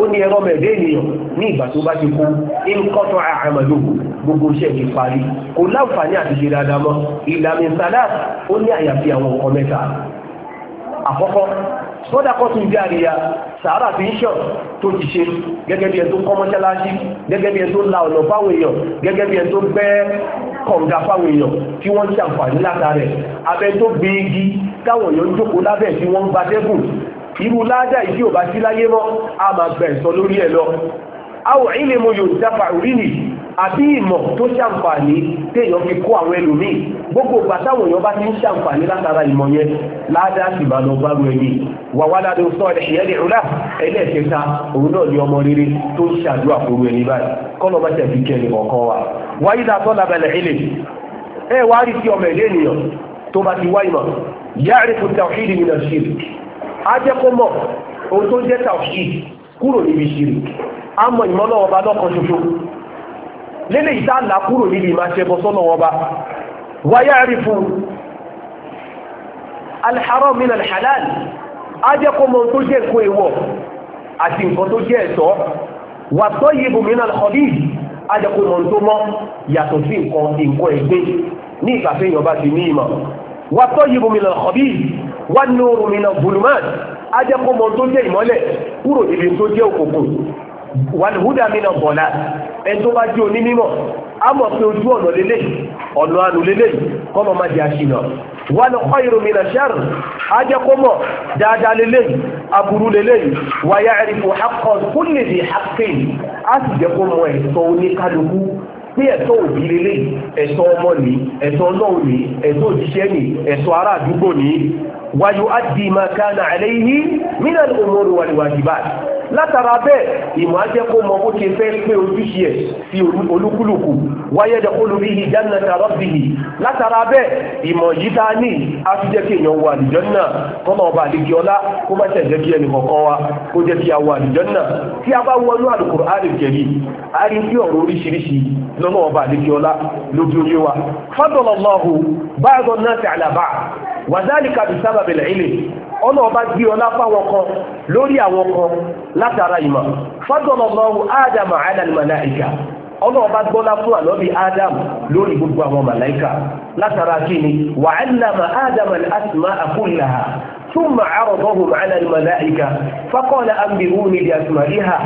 ó ní ẹ̀rọ mẹ̀dé ènìyàn ní ìgbà tó bá ti kú ìkọ́tọ̀ àmàlò gbogbo iṣẹ́ ti parí kò láǹfààní àti ṣe dáadáa mọ́ ìlànà ìsàlá ó ní àyàfi àwọn ọkọ̀ mẹ́ta àkọ́kọ́ sọ́dà kọ́tún bí àríyá sàárà fi ń ṣọ̀ tó ti ṣe gẹ́gẹ́ bí ẹ tó kọ́ mọ́ṣáláṣí gẹ́gẹ́ bí ẹ tó la ọ̀nà fáwọn èèyàn gẹ́gẹ́ bí ẹ tó gbẹ́ kọ̀ǹga fáwọn èèyàn tí wọ́n ń ṣàǹfààní látàrẹ̀ abẹ tó gbé igi táwọn èèyàn jókòó lábẹ́ tí wọ́n ń gbatẹ́gùn irú ládà ìdí ò bá sí láyé mọ́ a máa gbẹ̀ sọ lórí ẹ̀ lọ. àbí ìmọ̀ tó ṣàǹfààní téèyàn fi kó àwọn ẹlòmíì gbogbo ìgbà táwọn èèyàn bá ti ń ṣàǹfààní látara ìmọ̀ yẹn ládàá sì bá lọ bá ru ẹni wàwá ládé sọ ẹ̀yẹ́ lè rúlà ọmọ rere tó ń ṣàdúrà fún ẹni báyìí kọ́nà bá tẹ̀sí kẹrin wa wáyé ti fún tàwíìdì nínú á jẹ́ kó mọ̀ tó jẹ́ tàwíìdì kúrò níbi á mọ ọba lọ́kan ṣoṣo lélẹ̀ yìí tá a là kúrò níbi ìmá ṣe bọ́ sọ́nà wọn bá wáyé àrífù alḥaram min alḥalal á jẹ́ kó mọ tó jẹ́ nǹkan èèwọ̀ àti nǹkan tó jẹ́ ẹ̀tọ́ wà tọ́ yìí bù mí náà lọ́kọ̀dí tó mọ́ yàtọ̀ sí nǹkan nǹkan ní ìgbà bá ti ní ìmọ̀ ẹni tó bá jẹ́ onímọ̀ á mọ̀ pé ojú ọ̀nà lélẹ̀ ọ̀nà àánú lélẹ̀ kọ́mọ má di àṣìnà wal khayru mina sharr á jẹ́ kó mọ̀ dáadáa lélẹ̀ aburú lélẹ̀ wa ya'rifu haqqa kulli dhi haqqin á sì jẹ́ kó mọ̀ ẹ̀tọ́ oníkálukú pé ẹ̀tọ́ òbí lélẹ̀ ẹ̀tọ́ ọmọ ní ẹ̀tọ́ ọlọ́run ní ẹ̀tọ́ òjíṣẹ́ ní ará àdúgbò ní wa yu'addi ma kana alayhi mina al-umuri wal látara bẹ́ẹ̀ ìmọ̀ ajẹ́ kó mọ bó ṣe fẹ́ pé ojúṣe ẹ̀ sí olúkúlùkù wáyé dẹ̀ kólú bí ìjánà tààrọ́ sí i látara bẹ́ẹ̀ ìmọ̀ yìí tá a ní a ti jẹ́ kí èèyàn wọ àlùjánnà kọ́nà ọba àlejò ọlá kó má ṣe jẹ́ kí ẹnì kọ̀ọ̀kan wa kó jẹ́ kí a wọ àlùjánnà tí a bá wọnú Al-Qur'an Karim a rí bí ọ̀rọ̀ oríṣiríṣi lọ́nà ọba àlejò ọlá lójú oyé wa fadlallahu báyọ̀ náà tẹ̀ àlàbà wàdálìkà bí sábàbẹ̀lẹ̀ ilé ọ̀nà ọba gbé ọlá fáwọn kan lórí àwọn kan látara ìmọ̀ fadọ̀lọ́lọ́wọ́ ádámù alàlùmọ̀láìkà ọ̀nà ọba gbọ́lá fún àlọ́bí ádámù lórí gbogbo àwọn màláìkà látara kíni wà á nàmà ádámù àtìmá àkúlàhà ثم عرضهم على الملائكة فقال أنبئوني بأسمائها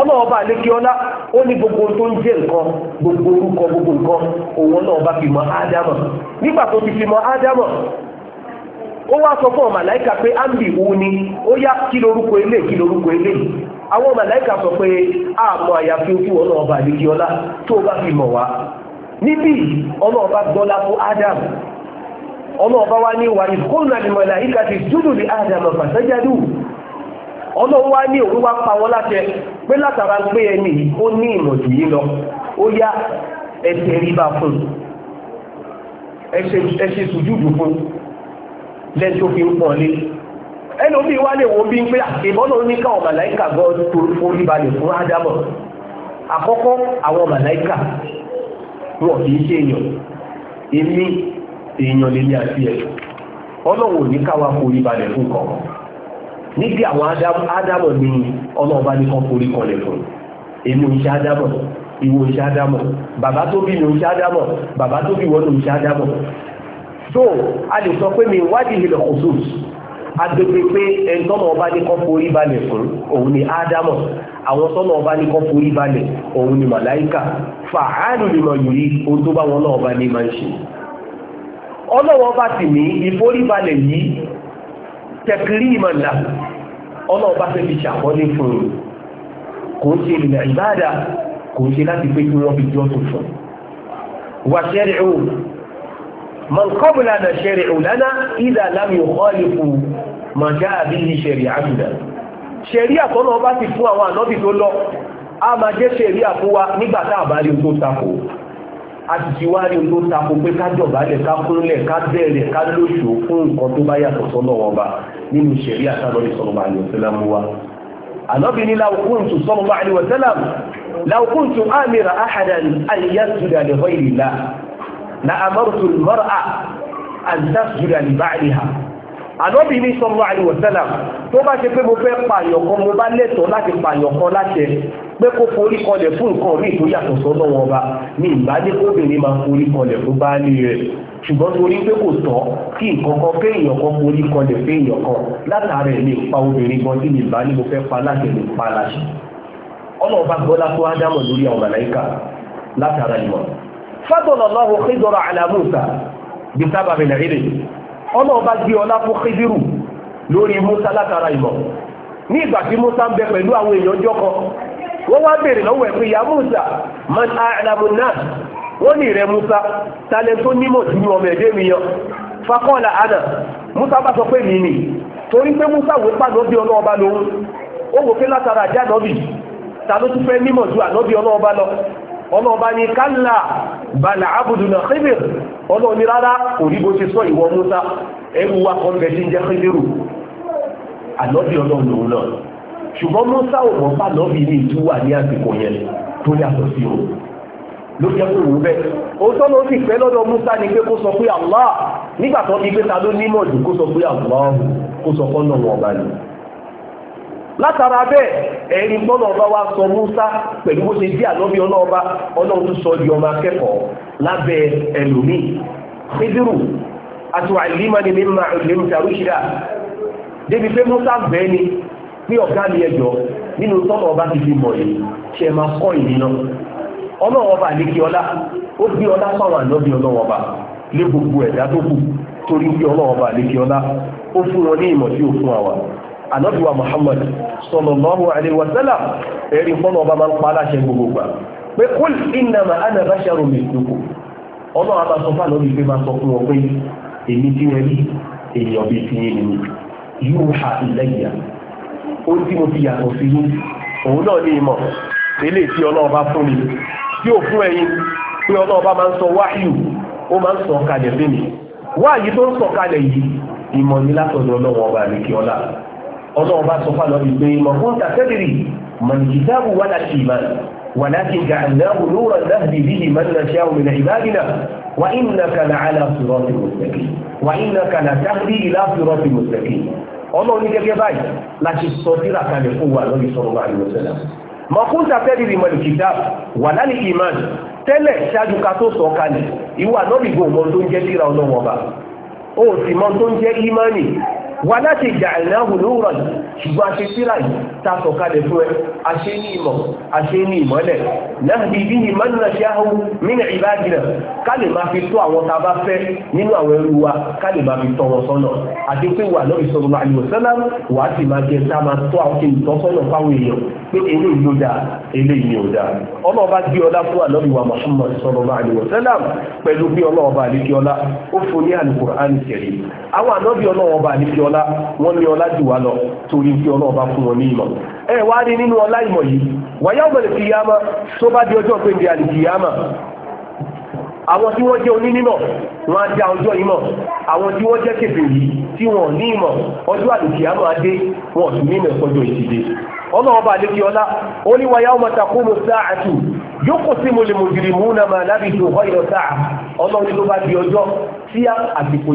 ọ̀nà ọba àlékiọ́lá ó ní gbogbo tó ń jẹ́ nǹkan gbogbo orúkọ gbogbo nǹkan òun náà bá fi mọ ádámọ̀ nígbà tó ti fi mọ ádámọ̀ ó wá sọ fún màláìka pé ambi wú ni ó ya kí lorúkọ ilé kí lorúkọ ilé àwọn sọ pé àmọ́ àyàfi ojú ọba àlejò ọlá tó o bá fi mọ̀ wá níbí ọba fún Adam ọ̀nà ọba wa ní wà ìkóhùn àlùmọ̀lá ìka ti dúdú ní Adam fàṣẹjádù ọ̀nà wa ní òun wá pa wọn pé látara ẹni ó ní yìí lọ lẹ́jọ́ fi ń pọ̀n lé ẹlòmí wá lè wo bí ń pé ah, ìbọ́nà oníkà akọkọ màláìkà gan forí balẹ̀ fún àkọ́kọ́ àwọn ṣe èèyàn èmi èèyàn lè ní àti ẹ̀ ọlọ́run ní káwa forí balẹ̀ fún kọ̀ọ̀kan níbi àwọn ni ọlọ́ọ̀bá ní kan forí fún so a lè sọ pé mi wádìí ilẹ̀ khusus agbègbè pé ẹni tọ́nà ọba ní kọ́ forí balẹ̀ fún òun ni ádámọ̀ àwọn tọ́nà ọba ní kọ́ forí balẹ̀ òun ni màláìkà fàánù ni mọ̀ yìí ohun tó bá wọn náà ọba ní máa ń ṣe ọlọ́wọ́ bá sì ní ìforíbalẹ̀ yìí tẹ̀kìrí ìmọ̀lá ọlọ́wọ́ bá fẹ́ fi ṣàkọ́lé fún un kò ń ṣe ìrìnà ìbáàdà kò ń ṣe láti pé kí wọ́n fi jọ́ tó fún wàṣẹ́rẹ̀ òun من qablana shari'u lana idha lam yukhalifu ma jaa bihi shari'atuna شريعة tọ́nà ọba ti فوا àwọn ànábì tó lọ a máa jẹ́ ṣẹ̀ríà fún wa nígbà tá a bá rí ohun tó tako a sì ti wá rí ohun tó tako pé ká dọ̀bálẹ̀ ká kúnlẹ̀ ká bẹ̀rẹ̀ ká lóṣù fún nǹkan tó bá yàtọ̀ sọ́nà ọba nínú ṣẹ̀ríà tánàbì sallallahu alaihi wasallam wa ànábì ní law na amọ́rùtù mọ́rà àdásùrì àlìbáàlìhà ànọ́bì ní sọ́rọ̀ àríwọ̀sẹ́là tó bá ṣe pé mo fẹ́ pààyọ̀kan mo bá lẹ́tọ̀ọ́ láti pààyọ̀kan láṣẹ pé kó forí kọlẹ̀ fún nǹkan míì tó yàtọ̀ sọ́dọ̀ wọn bá ní ìbádé kóbìnrin máa forí kọlẹ̀ fún bá ní rẹ̀ ṣùgbọ́n torí pé kò tọ́ kí nǹkan kan pé èèyàn kan forí kọlẹ̀ pé èèyàn kan látàrí ẹ̀ lè pa obìnrin gan tí mi bá ní mo fẹ́ pa láṣẹ lè pa láṣẹ ọlọ́ọ̀bá gbọ́lá tó ádámọ̀ lórí àwọn màláíkà látara ìmọ̀ fádọ̀lọ̀ lọ́wọ́ kídọ̀rọ̀ àlàmúsà bí sábà bẹ̀rẹ̀ èrè ọmọ ọba gbé ọlá fún kídírù lórí Musa látara ìmọ̀ ní ìgbà tí Musa ń bẹ pẹ̀lú àwọn èèyàn jọkọ wọ́n wá bèèrè lọ́wọ́ ẹ̀ pé ya man a'lamu nas wọ́n ní rẹ̀ Musa talẹ̀ tó nímọ̀ jù ọmọ ẹ̀dẹ́ mi yan fakọ́ọ̀lá ana Musa bá sọ pé mi ni torí pé Musa wò pàdán bí ọlọ́ọba lòun ó wò pé látara àjá ọlọ́ọ̀bá ní kálà bàlà àbùdùnà Khidir ọlọ́ọ̀ ní rárá òríbo ti sọ ìwọ Musa ẹrù wa kan bẹ tí ń jẹ́ Khidiru àlọ́bí ọlọ́run òun náà ṣùgbọ́n Musa ò mọ̀ bá lọ́bí ní ìtú wà ní àsìkò yẹn tó yàtọ̀ sí o ló jẹ́ kó wù bẹ́ẹ̀ òótọ́ ló sì fẹ́ lọ́dọ̀ Musa Allah nígbà tó bí pé ta ló nímọ̀ jù kó sọ Allah kó sọ fọ́nà wọn ọ̀gá ni látara bẹ́ẹ̀ ẹ̀rí gbọ́nà ọba wa sọ Musa pẹ̀lú bó ṣe dí àlọ́bí ọlọ́ọba ọlọ́run tó sọ di ọmọ akẹ́kọ̀ọ́ lábẹ́ ẹlòmíì Khidru atu'allimani mimma 'ullimta rushda débi pé Musa bẹ́ẹ̀ ni pé ọ̀gá mi nínú tọ́nà ọba ti fi mọ̀ ṣe máa kọ́ ọlọ́run ọba ọlá ó gbé ọlá fáwọn àlọ́bí ọlọ́run ọba lé ànábìwà Muhammad sallallahu alaihi wa sallam ẹ̀rí fọ́nà ọba máa ń pa aláṣẹ gbogbo gbà pé kúl innama ana basharun mithlukum ọmọ àbá sọ fún ànábì pé máa sọ fún ọ pé èmi tí wọ́n rí èèyàn bíi ti yín nìyí yóò ha ìlẹ́yà ó tí mo fi yàtọ̀ sí yín òun náà ní ìmọ̀ ilé tí ọlọ́ọ̀bá fún mi tí ò fún ẹ̀yin pé ọlọ́ọ̀bá máa ń sọ wáyù ó máa ń sọ kalẹ̀ fún mi wáyù tó ń sọ kalẹ̀ yìí ìmọ̀ ní látọ̀dọ̀ ọlọ́wọ́ ọba àríkí ọlọ́run bá sọ fáwọn ìgbé mọ̀kún tàkẹ́rì mọ̀nìkìtàbù wà láti ìmọ̀ wà láti gà àdáwò lóòrọ̀ láti bí ìmọ̀ náà ṣe àwọn ìlẹ̀ ìbádìnà wà ìnà kàlà aláfìrọ́tì mùsẹ̀kì wà ìnà kàlà táàbí ìláfìrọ́tì mùsẹ̀kì ọlọ́run gẹ́gẹ́ báyìí láti sọ síra kalẹ̀ fún wa lórí sọ̀rọ̀ àìmọ̀sẹ̀lá mọ̀kún tàkẹ́rì mọ̀nìkìtàbù wà láti ìmọ̀ tẹ́lẹ̀ wà láti ìjà ìrìnàhùn lóòrọ̀ yìí ṣùgbọ́n a ṣe síra yìí ta sọ̀kalẹ̀ fún ẹ a ní ìmọ̀ a ní ìmọ̀lẹ̀ láti ibi ni mọ́nà ṣe áhùn nínú ìbájìnà ká lè máa fi tó àwọn ta bá fẹ́ nínú àwọn ẹrú wa ká lè máa fi tọ́ wọn sọ́nà àti pé wà lọ́bì sọ̀rọ̀ máa sẹ́lá wà á sì máa jẹ tá a máa tó àwọn kìnnì tọ́ sọ́nà fáwọn èèyàn pé eléyìí ló dáa eléyìí ò dáa ọlọ́ọ̀bá gbé ọlá fún àlọ́bì wa Muhammad sọ̀rọ̀ máa lò sẹ́lá pẹ̀lú bí ọlọ́ọ̀bá àlekí ọlá ó fún ní àlùkùránì kẹrì àwọn àlọ́bì ọlọ́ọ̀bá àlekí ọlá wọ́n ní ọlá jù wá lọ torí pé ọlọ́run bá fún wọn ní ìmọ̀ ẹ wá rí nínú ọlá ìmọ̀ yìí wàyà ọ̀gbẹ̀lẹ̀ kìyàmá tó bá di ọjọ́ pé ní àlìkìyàmá àwọn tí wọ́n jẹ́ onímọ̀ wọ́n á dá ọjọ́ yìí mọ̀ àwọn tí wọ́n jẹ́ kèfè yìí tí wọ́n ní ìmọ̀ ọjọ́ àdùkìá máa dé wọn ò sì ní ìmọ̀ ìpọ́jọ́ ìṣìdé ọlọ́wọ́ bá lékè ọlá ó ní wáyá ọmọ takumu sáàtù yókò sí mo lè mo jìrì mú náà máa lábì tó ọ̀họ́ ìlọ sáà ọlọ́run ní ló bá di ọjọ́ tí àsìkò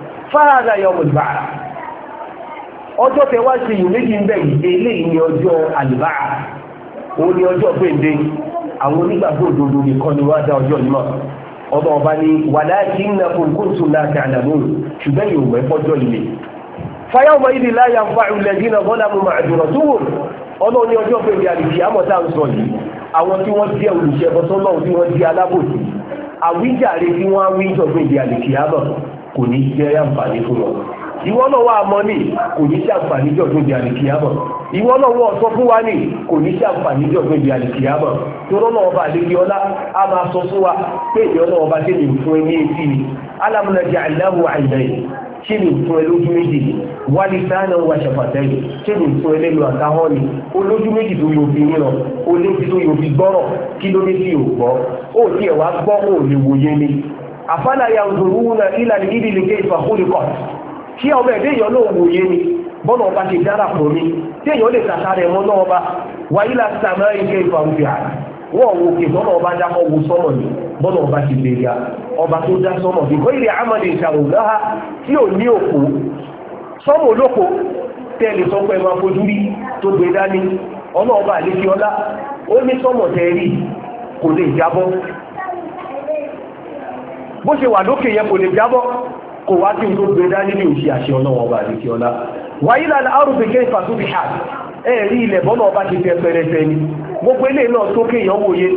fáàdà yọmù ìbára ọjọ́ tẹwàá ṣe yìí méjì ń bẹ̀ yìí eléyìí ni ọjọ́ àlùbáà òun ni ọjọ́ péńdé àwọn onígbàgbọ́ òdodo nìkan ni wọ́n dá ọjọ́ yìí mọ̀ ọba ọba ni wàlá kí n nàkó kóńtù náà kí àdàmú ṣùgbọ́n yìí wẹ́ fọ́jọ́ ilé fáyàwọ̀ ìdí láyà ń fa ìlẹ̀dí náà bọ́lá mu máa dùnà tó wò ọlọ́run ní ọjọ́ péńdé àlùkí àmọ́tá ń sọ yìí àwọn tí wọ́n jẹ́ olùṣẹ́bọ́sọ́lọ́run tí wọ́n jẹ́ alábòsí àwíjàre tí wọ́n á wí ìjọba ìdí àlùkí àmọ́ kò ní jẹ́ àǹfààní fún wọn ìwọ náà wà mọ́ ní kò ní ṣe àǹfààní jọ tó di àlìkìyàmọ̀ ìwọ náà wọ́n sọ fún wa ní kò ní ṣe àǹfààní jọ tó di àlìkìyàmọ̀ torọ́ náà ọba àlejò ọlá a máa sọ fún wa pé ìyọ́ náà ọba ṣe lè fún ẹ ní etí ni alámúnájà àìláwọ̀ àìlẹ́yìn ṣe lè fún ẹ lójú méjì wá ní sáánà wa ṣàfàtẹ́yìn ṣe lè fún ẹ lẹ́nu àtàwọn ni olójú méjì tó yóò fi ríran olébi tó yóò fi gbọ́rọ̀ kí ló dé sí ògbọ́ ó tiẹ̀ wá gbọ́ òòlè wòye ni àfánà ya òzòrúnà ìlànà ìdílégé ìfàkúrikọ̀ kí ọmọ ẹ̀dẹ́ èèyàn náà wòye ni bọ́nà ọba ti dára pọ̀ ní tí èèyàn lè tàta rẹ̀ mọ́ náà ọba wà ìlà sàmà ìké ìfàkúrì wo wọ́n wò kè bọ́nà ọba dákọ̀ wò ni bono ọba ti ya ọba tó dá sọ́mọ̀ bí amadi ìṣàwò náà tí ò ní òkú sọ́mọ̀ ó ní sọ́mọ̀ bó ṣe wà lókè yẹn kò lè jábọ́ kò wá tí n tó gbé dání ní òṣì àṣẹ ọlọ́wọ́ ọba àdìkí ọlá wàyí lànà arúgbó kẹ́ ìfàtú bí hàn ẹ rí ilẹ̀ bọ́lá ọba ti tẹ pẹrẹsẹ ni gbogbo ilé náà sókè yẹn wòye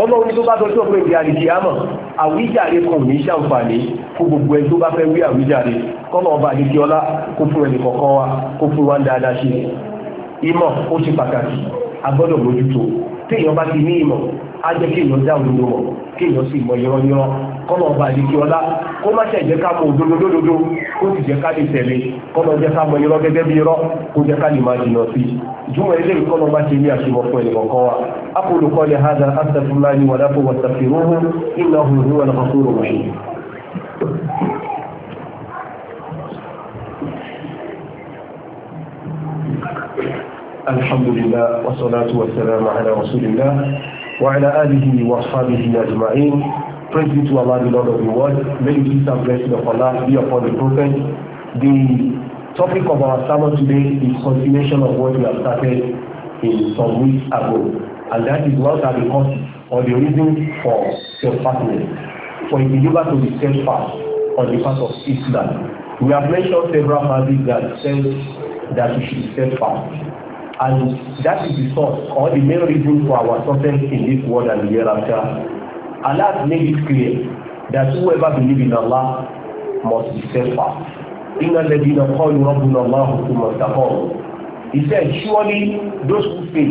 ọlọ́run tó bá tó tó pé ìgbà àdìkí àwíjàre kan ní ṣàǹfààní fún gbogbo ẹ tó bá fẹ́ wí àwíjàre kọ́lọ̀ ọba àdìkí ọlá kó fún ẹnì kọ̀ọ̀kan wa kó fún wa ń dáadáa ṣe ìmọ̀ ó ṣe pàtàkì agbọ́dọ̀ mójútó téèyàn bá ti ní ìmọ̀ á jẹ́ kéèyàn dáhùn ló mọ̀ kéèyàn sì mọ yọ̀rọ̀ kọ́lọ̀ ọba àdìkí ọlá kó má ṣe jẹ́ ká mọ òdododododo kó sì jẹ́ ká lè tẹ̀lé kọ́lọ̀ jẹ́ ká mọ irọ́ gẹ́gẹ́ bí irọ́ kó jẹ́ ká lè máa jìnà sí i jùmọ̀ ilé ìkọ́lọ̀ bá ṣe ní àṣìwọ̀ fún ẹnì kọ̀ọ̀kan wa aqulu qawli hadha astaghfirullahi wa lakum wastaghfiruhu innahu huwal ghafurur rahim الحمد لله والصلاة والسلام على رسول الله وعلى آله وأصحابه أجمعين Praise be to Allah, the Lord of the world. May peace and blessing of Allah be upon the Prophet. The topic of our sermon today is continuation of what we have started in some weeks ago. And that is what are the causes or the reasons for steadfastness. For a believer to be steadfast on the path of Islam. We have mentioned several verses that says that we should be steadfast. And that is the source or the main reason for our success in this world and the hereafter. Allah made it clear that whoever believes in Allah must be steadfast. Inna ladina qalu rabbuna Allah thumma istaqamu. He said, surely those who say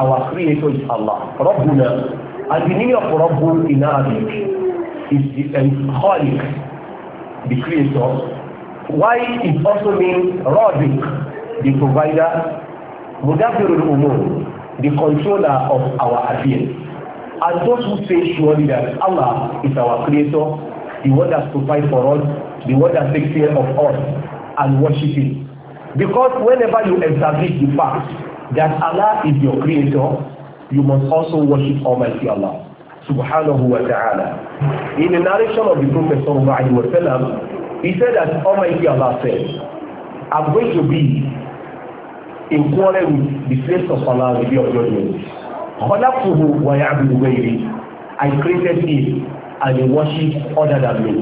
our creator is Allah. Rabbuna, and the name of Rabbun in Arabic is the um, the creator. Why it also means Rabbik, the provider, Mudafirul Umur, the controller of our affairs. And those who say surely that Allah is our creator, the one that provides for us, the one that takes care of us, and worship Him. Because whenever you establish the fact that Allah is your creator, you must also worship Almighty Allah. Subhanahu wa ta'ala. In the narration of the Prophet sallallahu alaihi wasallam, he said that Almighty Allah said, I'm going to be in quarrel with the slaves of Allah in the day of judgment khalaqtuhu wa ya'budu ghayri I created Him and they worship other than me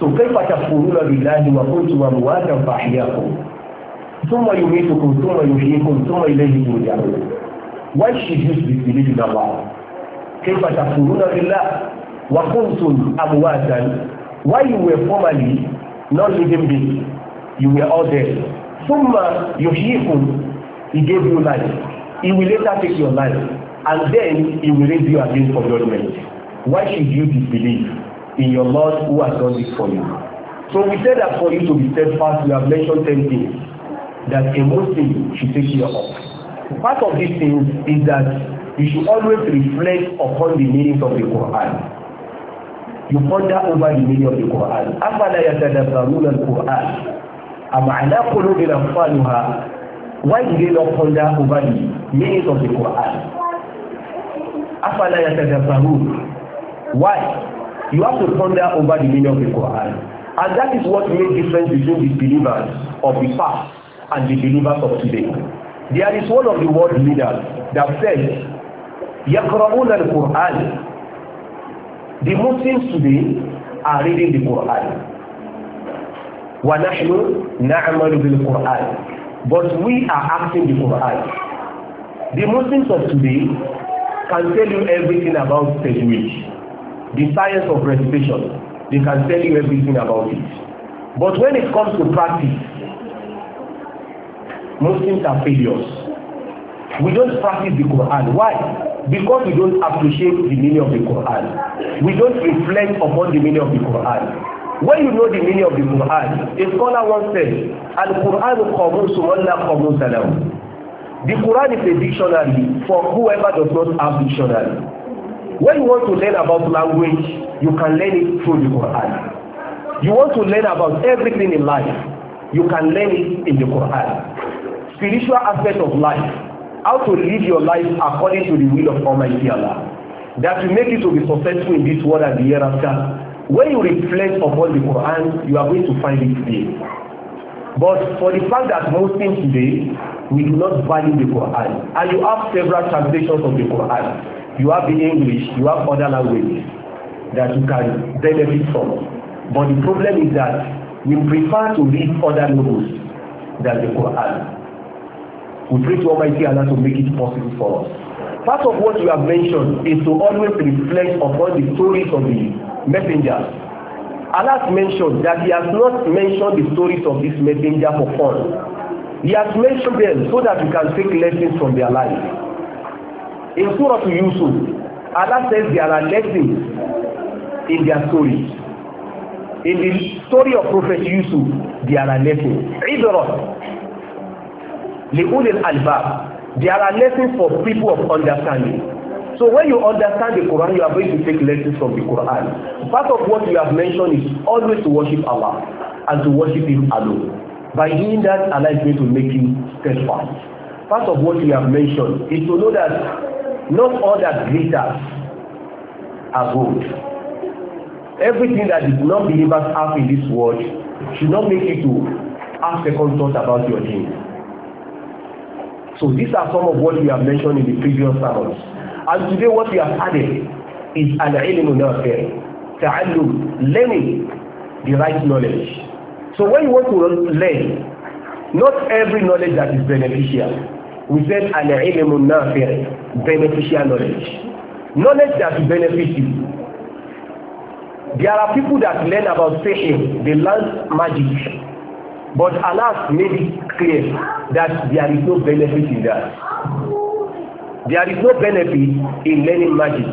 so kayfa takfuruna billahi wa kuntum amwatan fa ahyakum thumma yumitukum thumma yuhyikum thumma ilayhi turja'un why should you disbelieve in Allah kayfa takfuruna billahi wa kuntum amwatan why you were formerly not living being you were all dead thumma yuhyikum he gave you life He will later take your life, and then he will raise you again for judgment. Why should you disbelieve in your Lord who has done this for you? So we said that for you to be steadfast, we have mentioned ten things that a Muslim should take care of. Part of these things is that you should always reflect upon the meaning of the Quran. You ponder over the meaning of the Quran. أَفَلَا يَتَدَبَّرُونَ الْقُرْآنَ أَمْ عَلَىٰ قُلُوبٍ أَقْفَالُهَا Why did they not ponder over the meaning of the Quran? Afala yatadabbarun. Why? You have to ponder over the meaning of the Quran. And that is what makes difference between the believers of the past and the believers of today. There is one of the world leaders that says, said, al Quran, the Muslims today are reading the Quran. وَنَحْنُ نَعْمَلُ بِالْقُرْآنِ But we are acting the Quran. The Muslims of today can tell you everything about Tajweed, the science of recitation. They can tell you everything about it. But when it comes to practice, Muslims are failures. We don't practice the Quran. Why? Because we don't appreciate the meaning of the Quran. We don't reflect upon the meaning of the Quran. When you know the meaning of the Quran, a scholar once said, Al-Quran Qamus Walla Qamus Alam. The Quran is a dictionary for whoever does not have dictionary. When you want to learn about language, you can learn it through the Quran. You want to learn about everything in life, you can learn it in the Quran. Spiritual aspect of life, how to live your life according to the will of Almighty Allah. That will make you to be successful in this world and the hereafter when you reflect upon the Quran you are going to find it there but for the fact that most things today we do not value the Quran and you have several translations of the Quran you have the English you have other languages that you can benefit from but the problem is that we prefer to read other novels than the Quran we pray to Almighty Allah to make it possible for us part of what you have mentioned is to always reflect upon the stories of the messengers. Allah mentioned that He has not mentioned the stories of this messenger for fun. He has mentioned them so that we can take lessons from their life. In Surah Yusuf, Allah says there are lessons in their stories. In the story of Prophet Yusuf, there are lessons. Ibrahim, al Albab, there are lessons for people of understanding. So when you understand the Quran, you are going to take lessons from the Quran. Part of what you have mentioned is always to worship Allah and to worship Him alone. By doing that, Allah is going to make you steadfast. Part of what you have mentioned is to know that not all that glitters are gold. Everything that is not believers have in this world should not make you to ask second thought about your name. So these are some of what we have mentioned in the previous sermons. And today what we have added is al-ilmu nafi', ta'allum, learning the right knowledge. So when you want to learn, not every knowledge that is beneficial. We said al-ilmu nafi', beneficial knowledge. Knowledge that benefits you. There are people that learn about saying, they learn magic. But Allah made it clear that there is no benefit in that. There is no benefit in learning magic.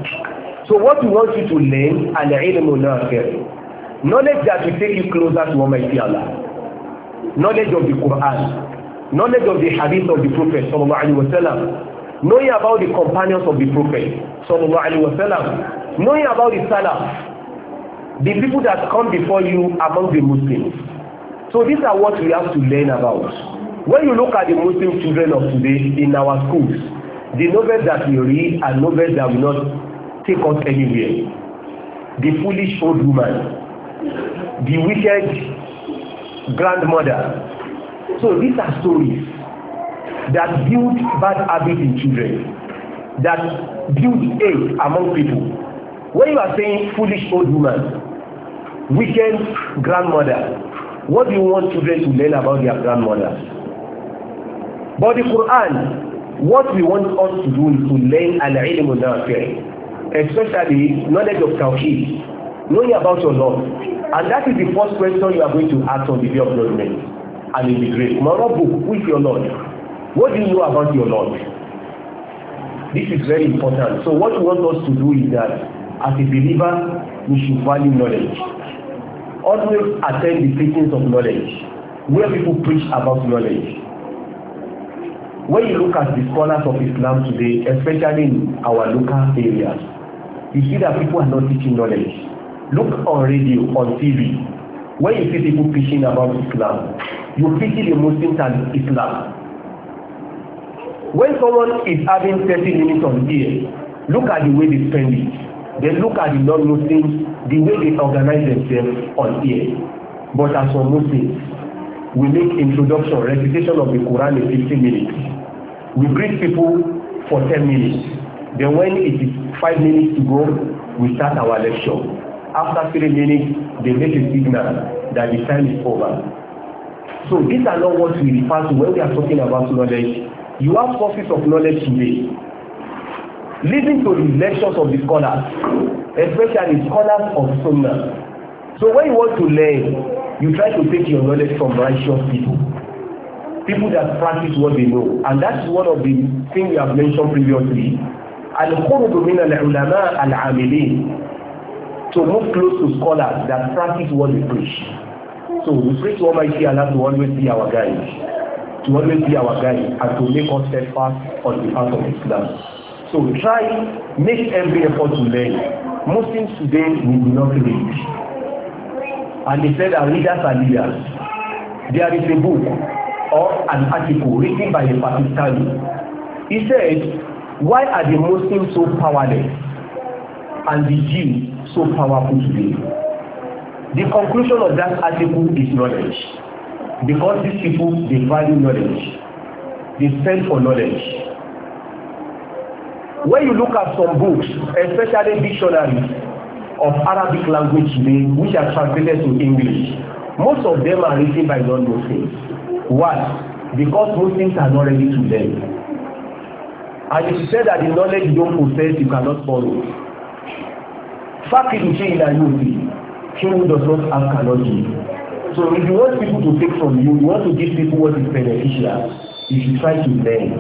So what we want you to learn, and al-ilmu nafi'. Knowledge that will take you closer to Almighty Allah. Knowledge of the Quran. Knowledge of the hadith of the Prophet sallallahu alaihi wasallam. Knowing about the companions of the Prophet sallallahu alaihi wasallam. Knowing about the Salaf. The people that come before you among the Muslims. So these are what we have to learn about. When you look at the Muslim children of today in our schools, The novel that we read and novel that will not take us anywhere. The foolish old woman. The wicked grandmother. So these are stories that build bad habits in children, that build hate among people. When you are saying foolish old woman, wicked grandmother, what do you want children to learn about their grandmothers? But the Quran What we want us to do is to learn al-ilmu nafi' especially knowledge of tawhid knowing about your Lord and that is the first question you are going to ask on the day of judgment and in the grave morobu who is your Lord what do you know about your Lord this is very important so what we want us to do is that as a believer we should value knowledge always attend the teachings of knowledge where people preach about knowledge when you look at the scholars of Islam today, especially in our local areas, you see that people are not teaching knowledge. Look on radio, on TV. When you see people preaching about Islam, you pity the Muslims and Islam. When someone is having 30 minutes on air, look at the way they spend it. Then look at the non-Muslims, the way they organize themselves on air, But as for Muslims, we make introduction recitation of the Quran in 15 minutes we greet people for 10 minutes then when it is five minutes to go we start our lecture after 3 minutes they make a signal that the time is over so these are not what we refer to when we are talking about knowledge you have sources of knowledge today listen to the lectures of the scholars especially scholars of Sunnah so when you want to learn you try to take your knowledge from righteous people people that practice what they know and that's one of the things we have mentioned previously al-khurub min al-ulama al-amilin to move close to scholars that practice what they preach so we pray to Almighty Allah to always be our guide to always be our guide and to make us steadfast on the path of Islam so try make every effort to learn Muslims today we do not reach and they said our leaders are leaders. There is a book or an article written by a Pakistani. He said, why are the Muslims so powerless and the Jews so powerful today? The conclusion of that article is knowledge. Because these people, they value knowledge. They stand for knowledge. When you look at some books, especially dictionaries, of Arabic language today which are translated to English. Most of them are written by non-Muslims. Why? Because Muslims are not ready to learn. And if you said that the knowledge you don't possess, you cannot follow. Fakiri ṣe ìlànà òfin, ṣé who does not have cannot give. So if you want people to take from you, you want to give people what is beneficial, you should try to learn.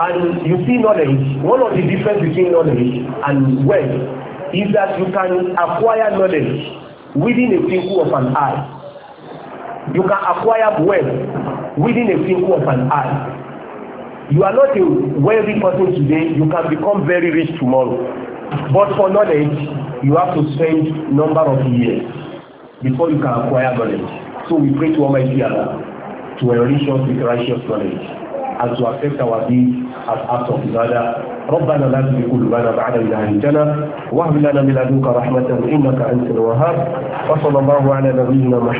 And you see knowledge, one of the difference between knowledge and wealth is that you can acquire knowledge within a twinkle of an eye. You can acquire wealth within a twinkle of an eye. You are not a wealthy person today, you can become very rich tomorrow. But for knowledge, you have to spend number of years before you can acquire knowledge. So we pray to Almighty Allah to enrich us with righteous knowledge. and to accept our deeds as acts of ibadah. ربنا لا تزغ قلوبنا بعد إذ هديتنا وهب لنا من لدنك رحمة إنك أنت الوهاب وصلى الله على نبينا محمد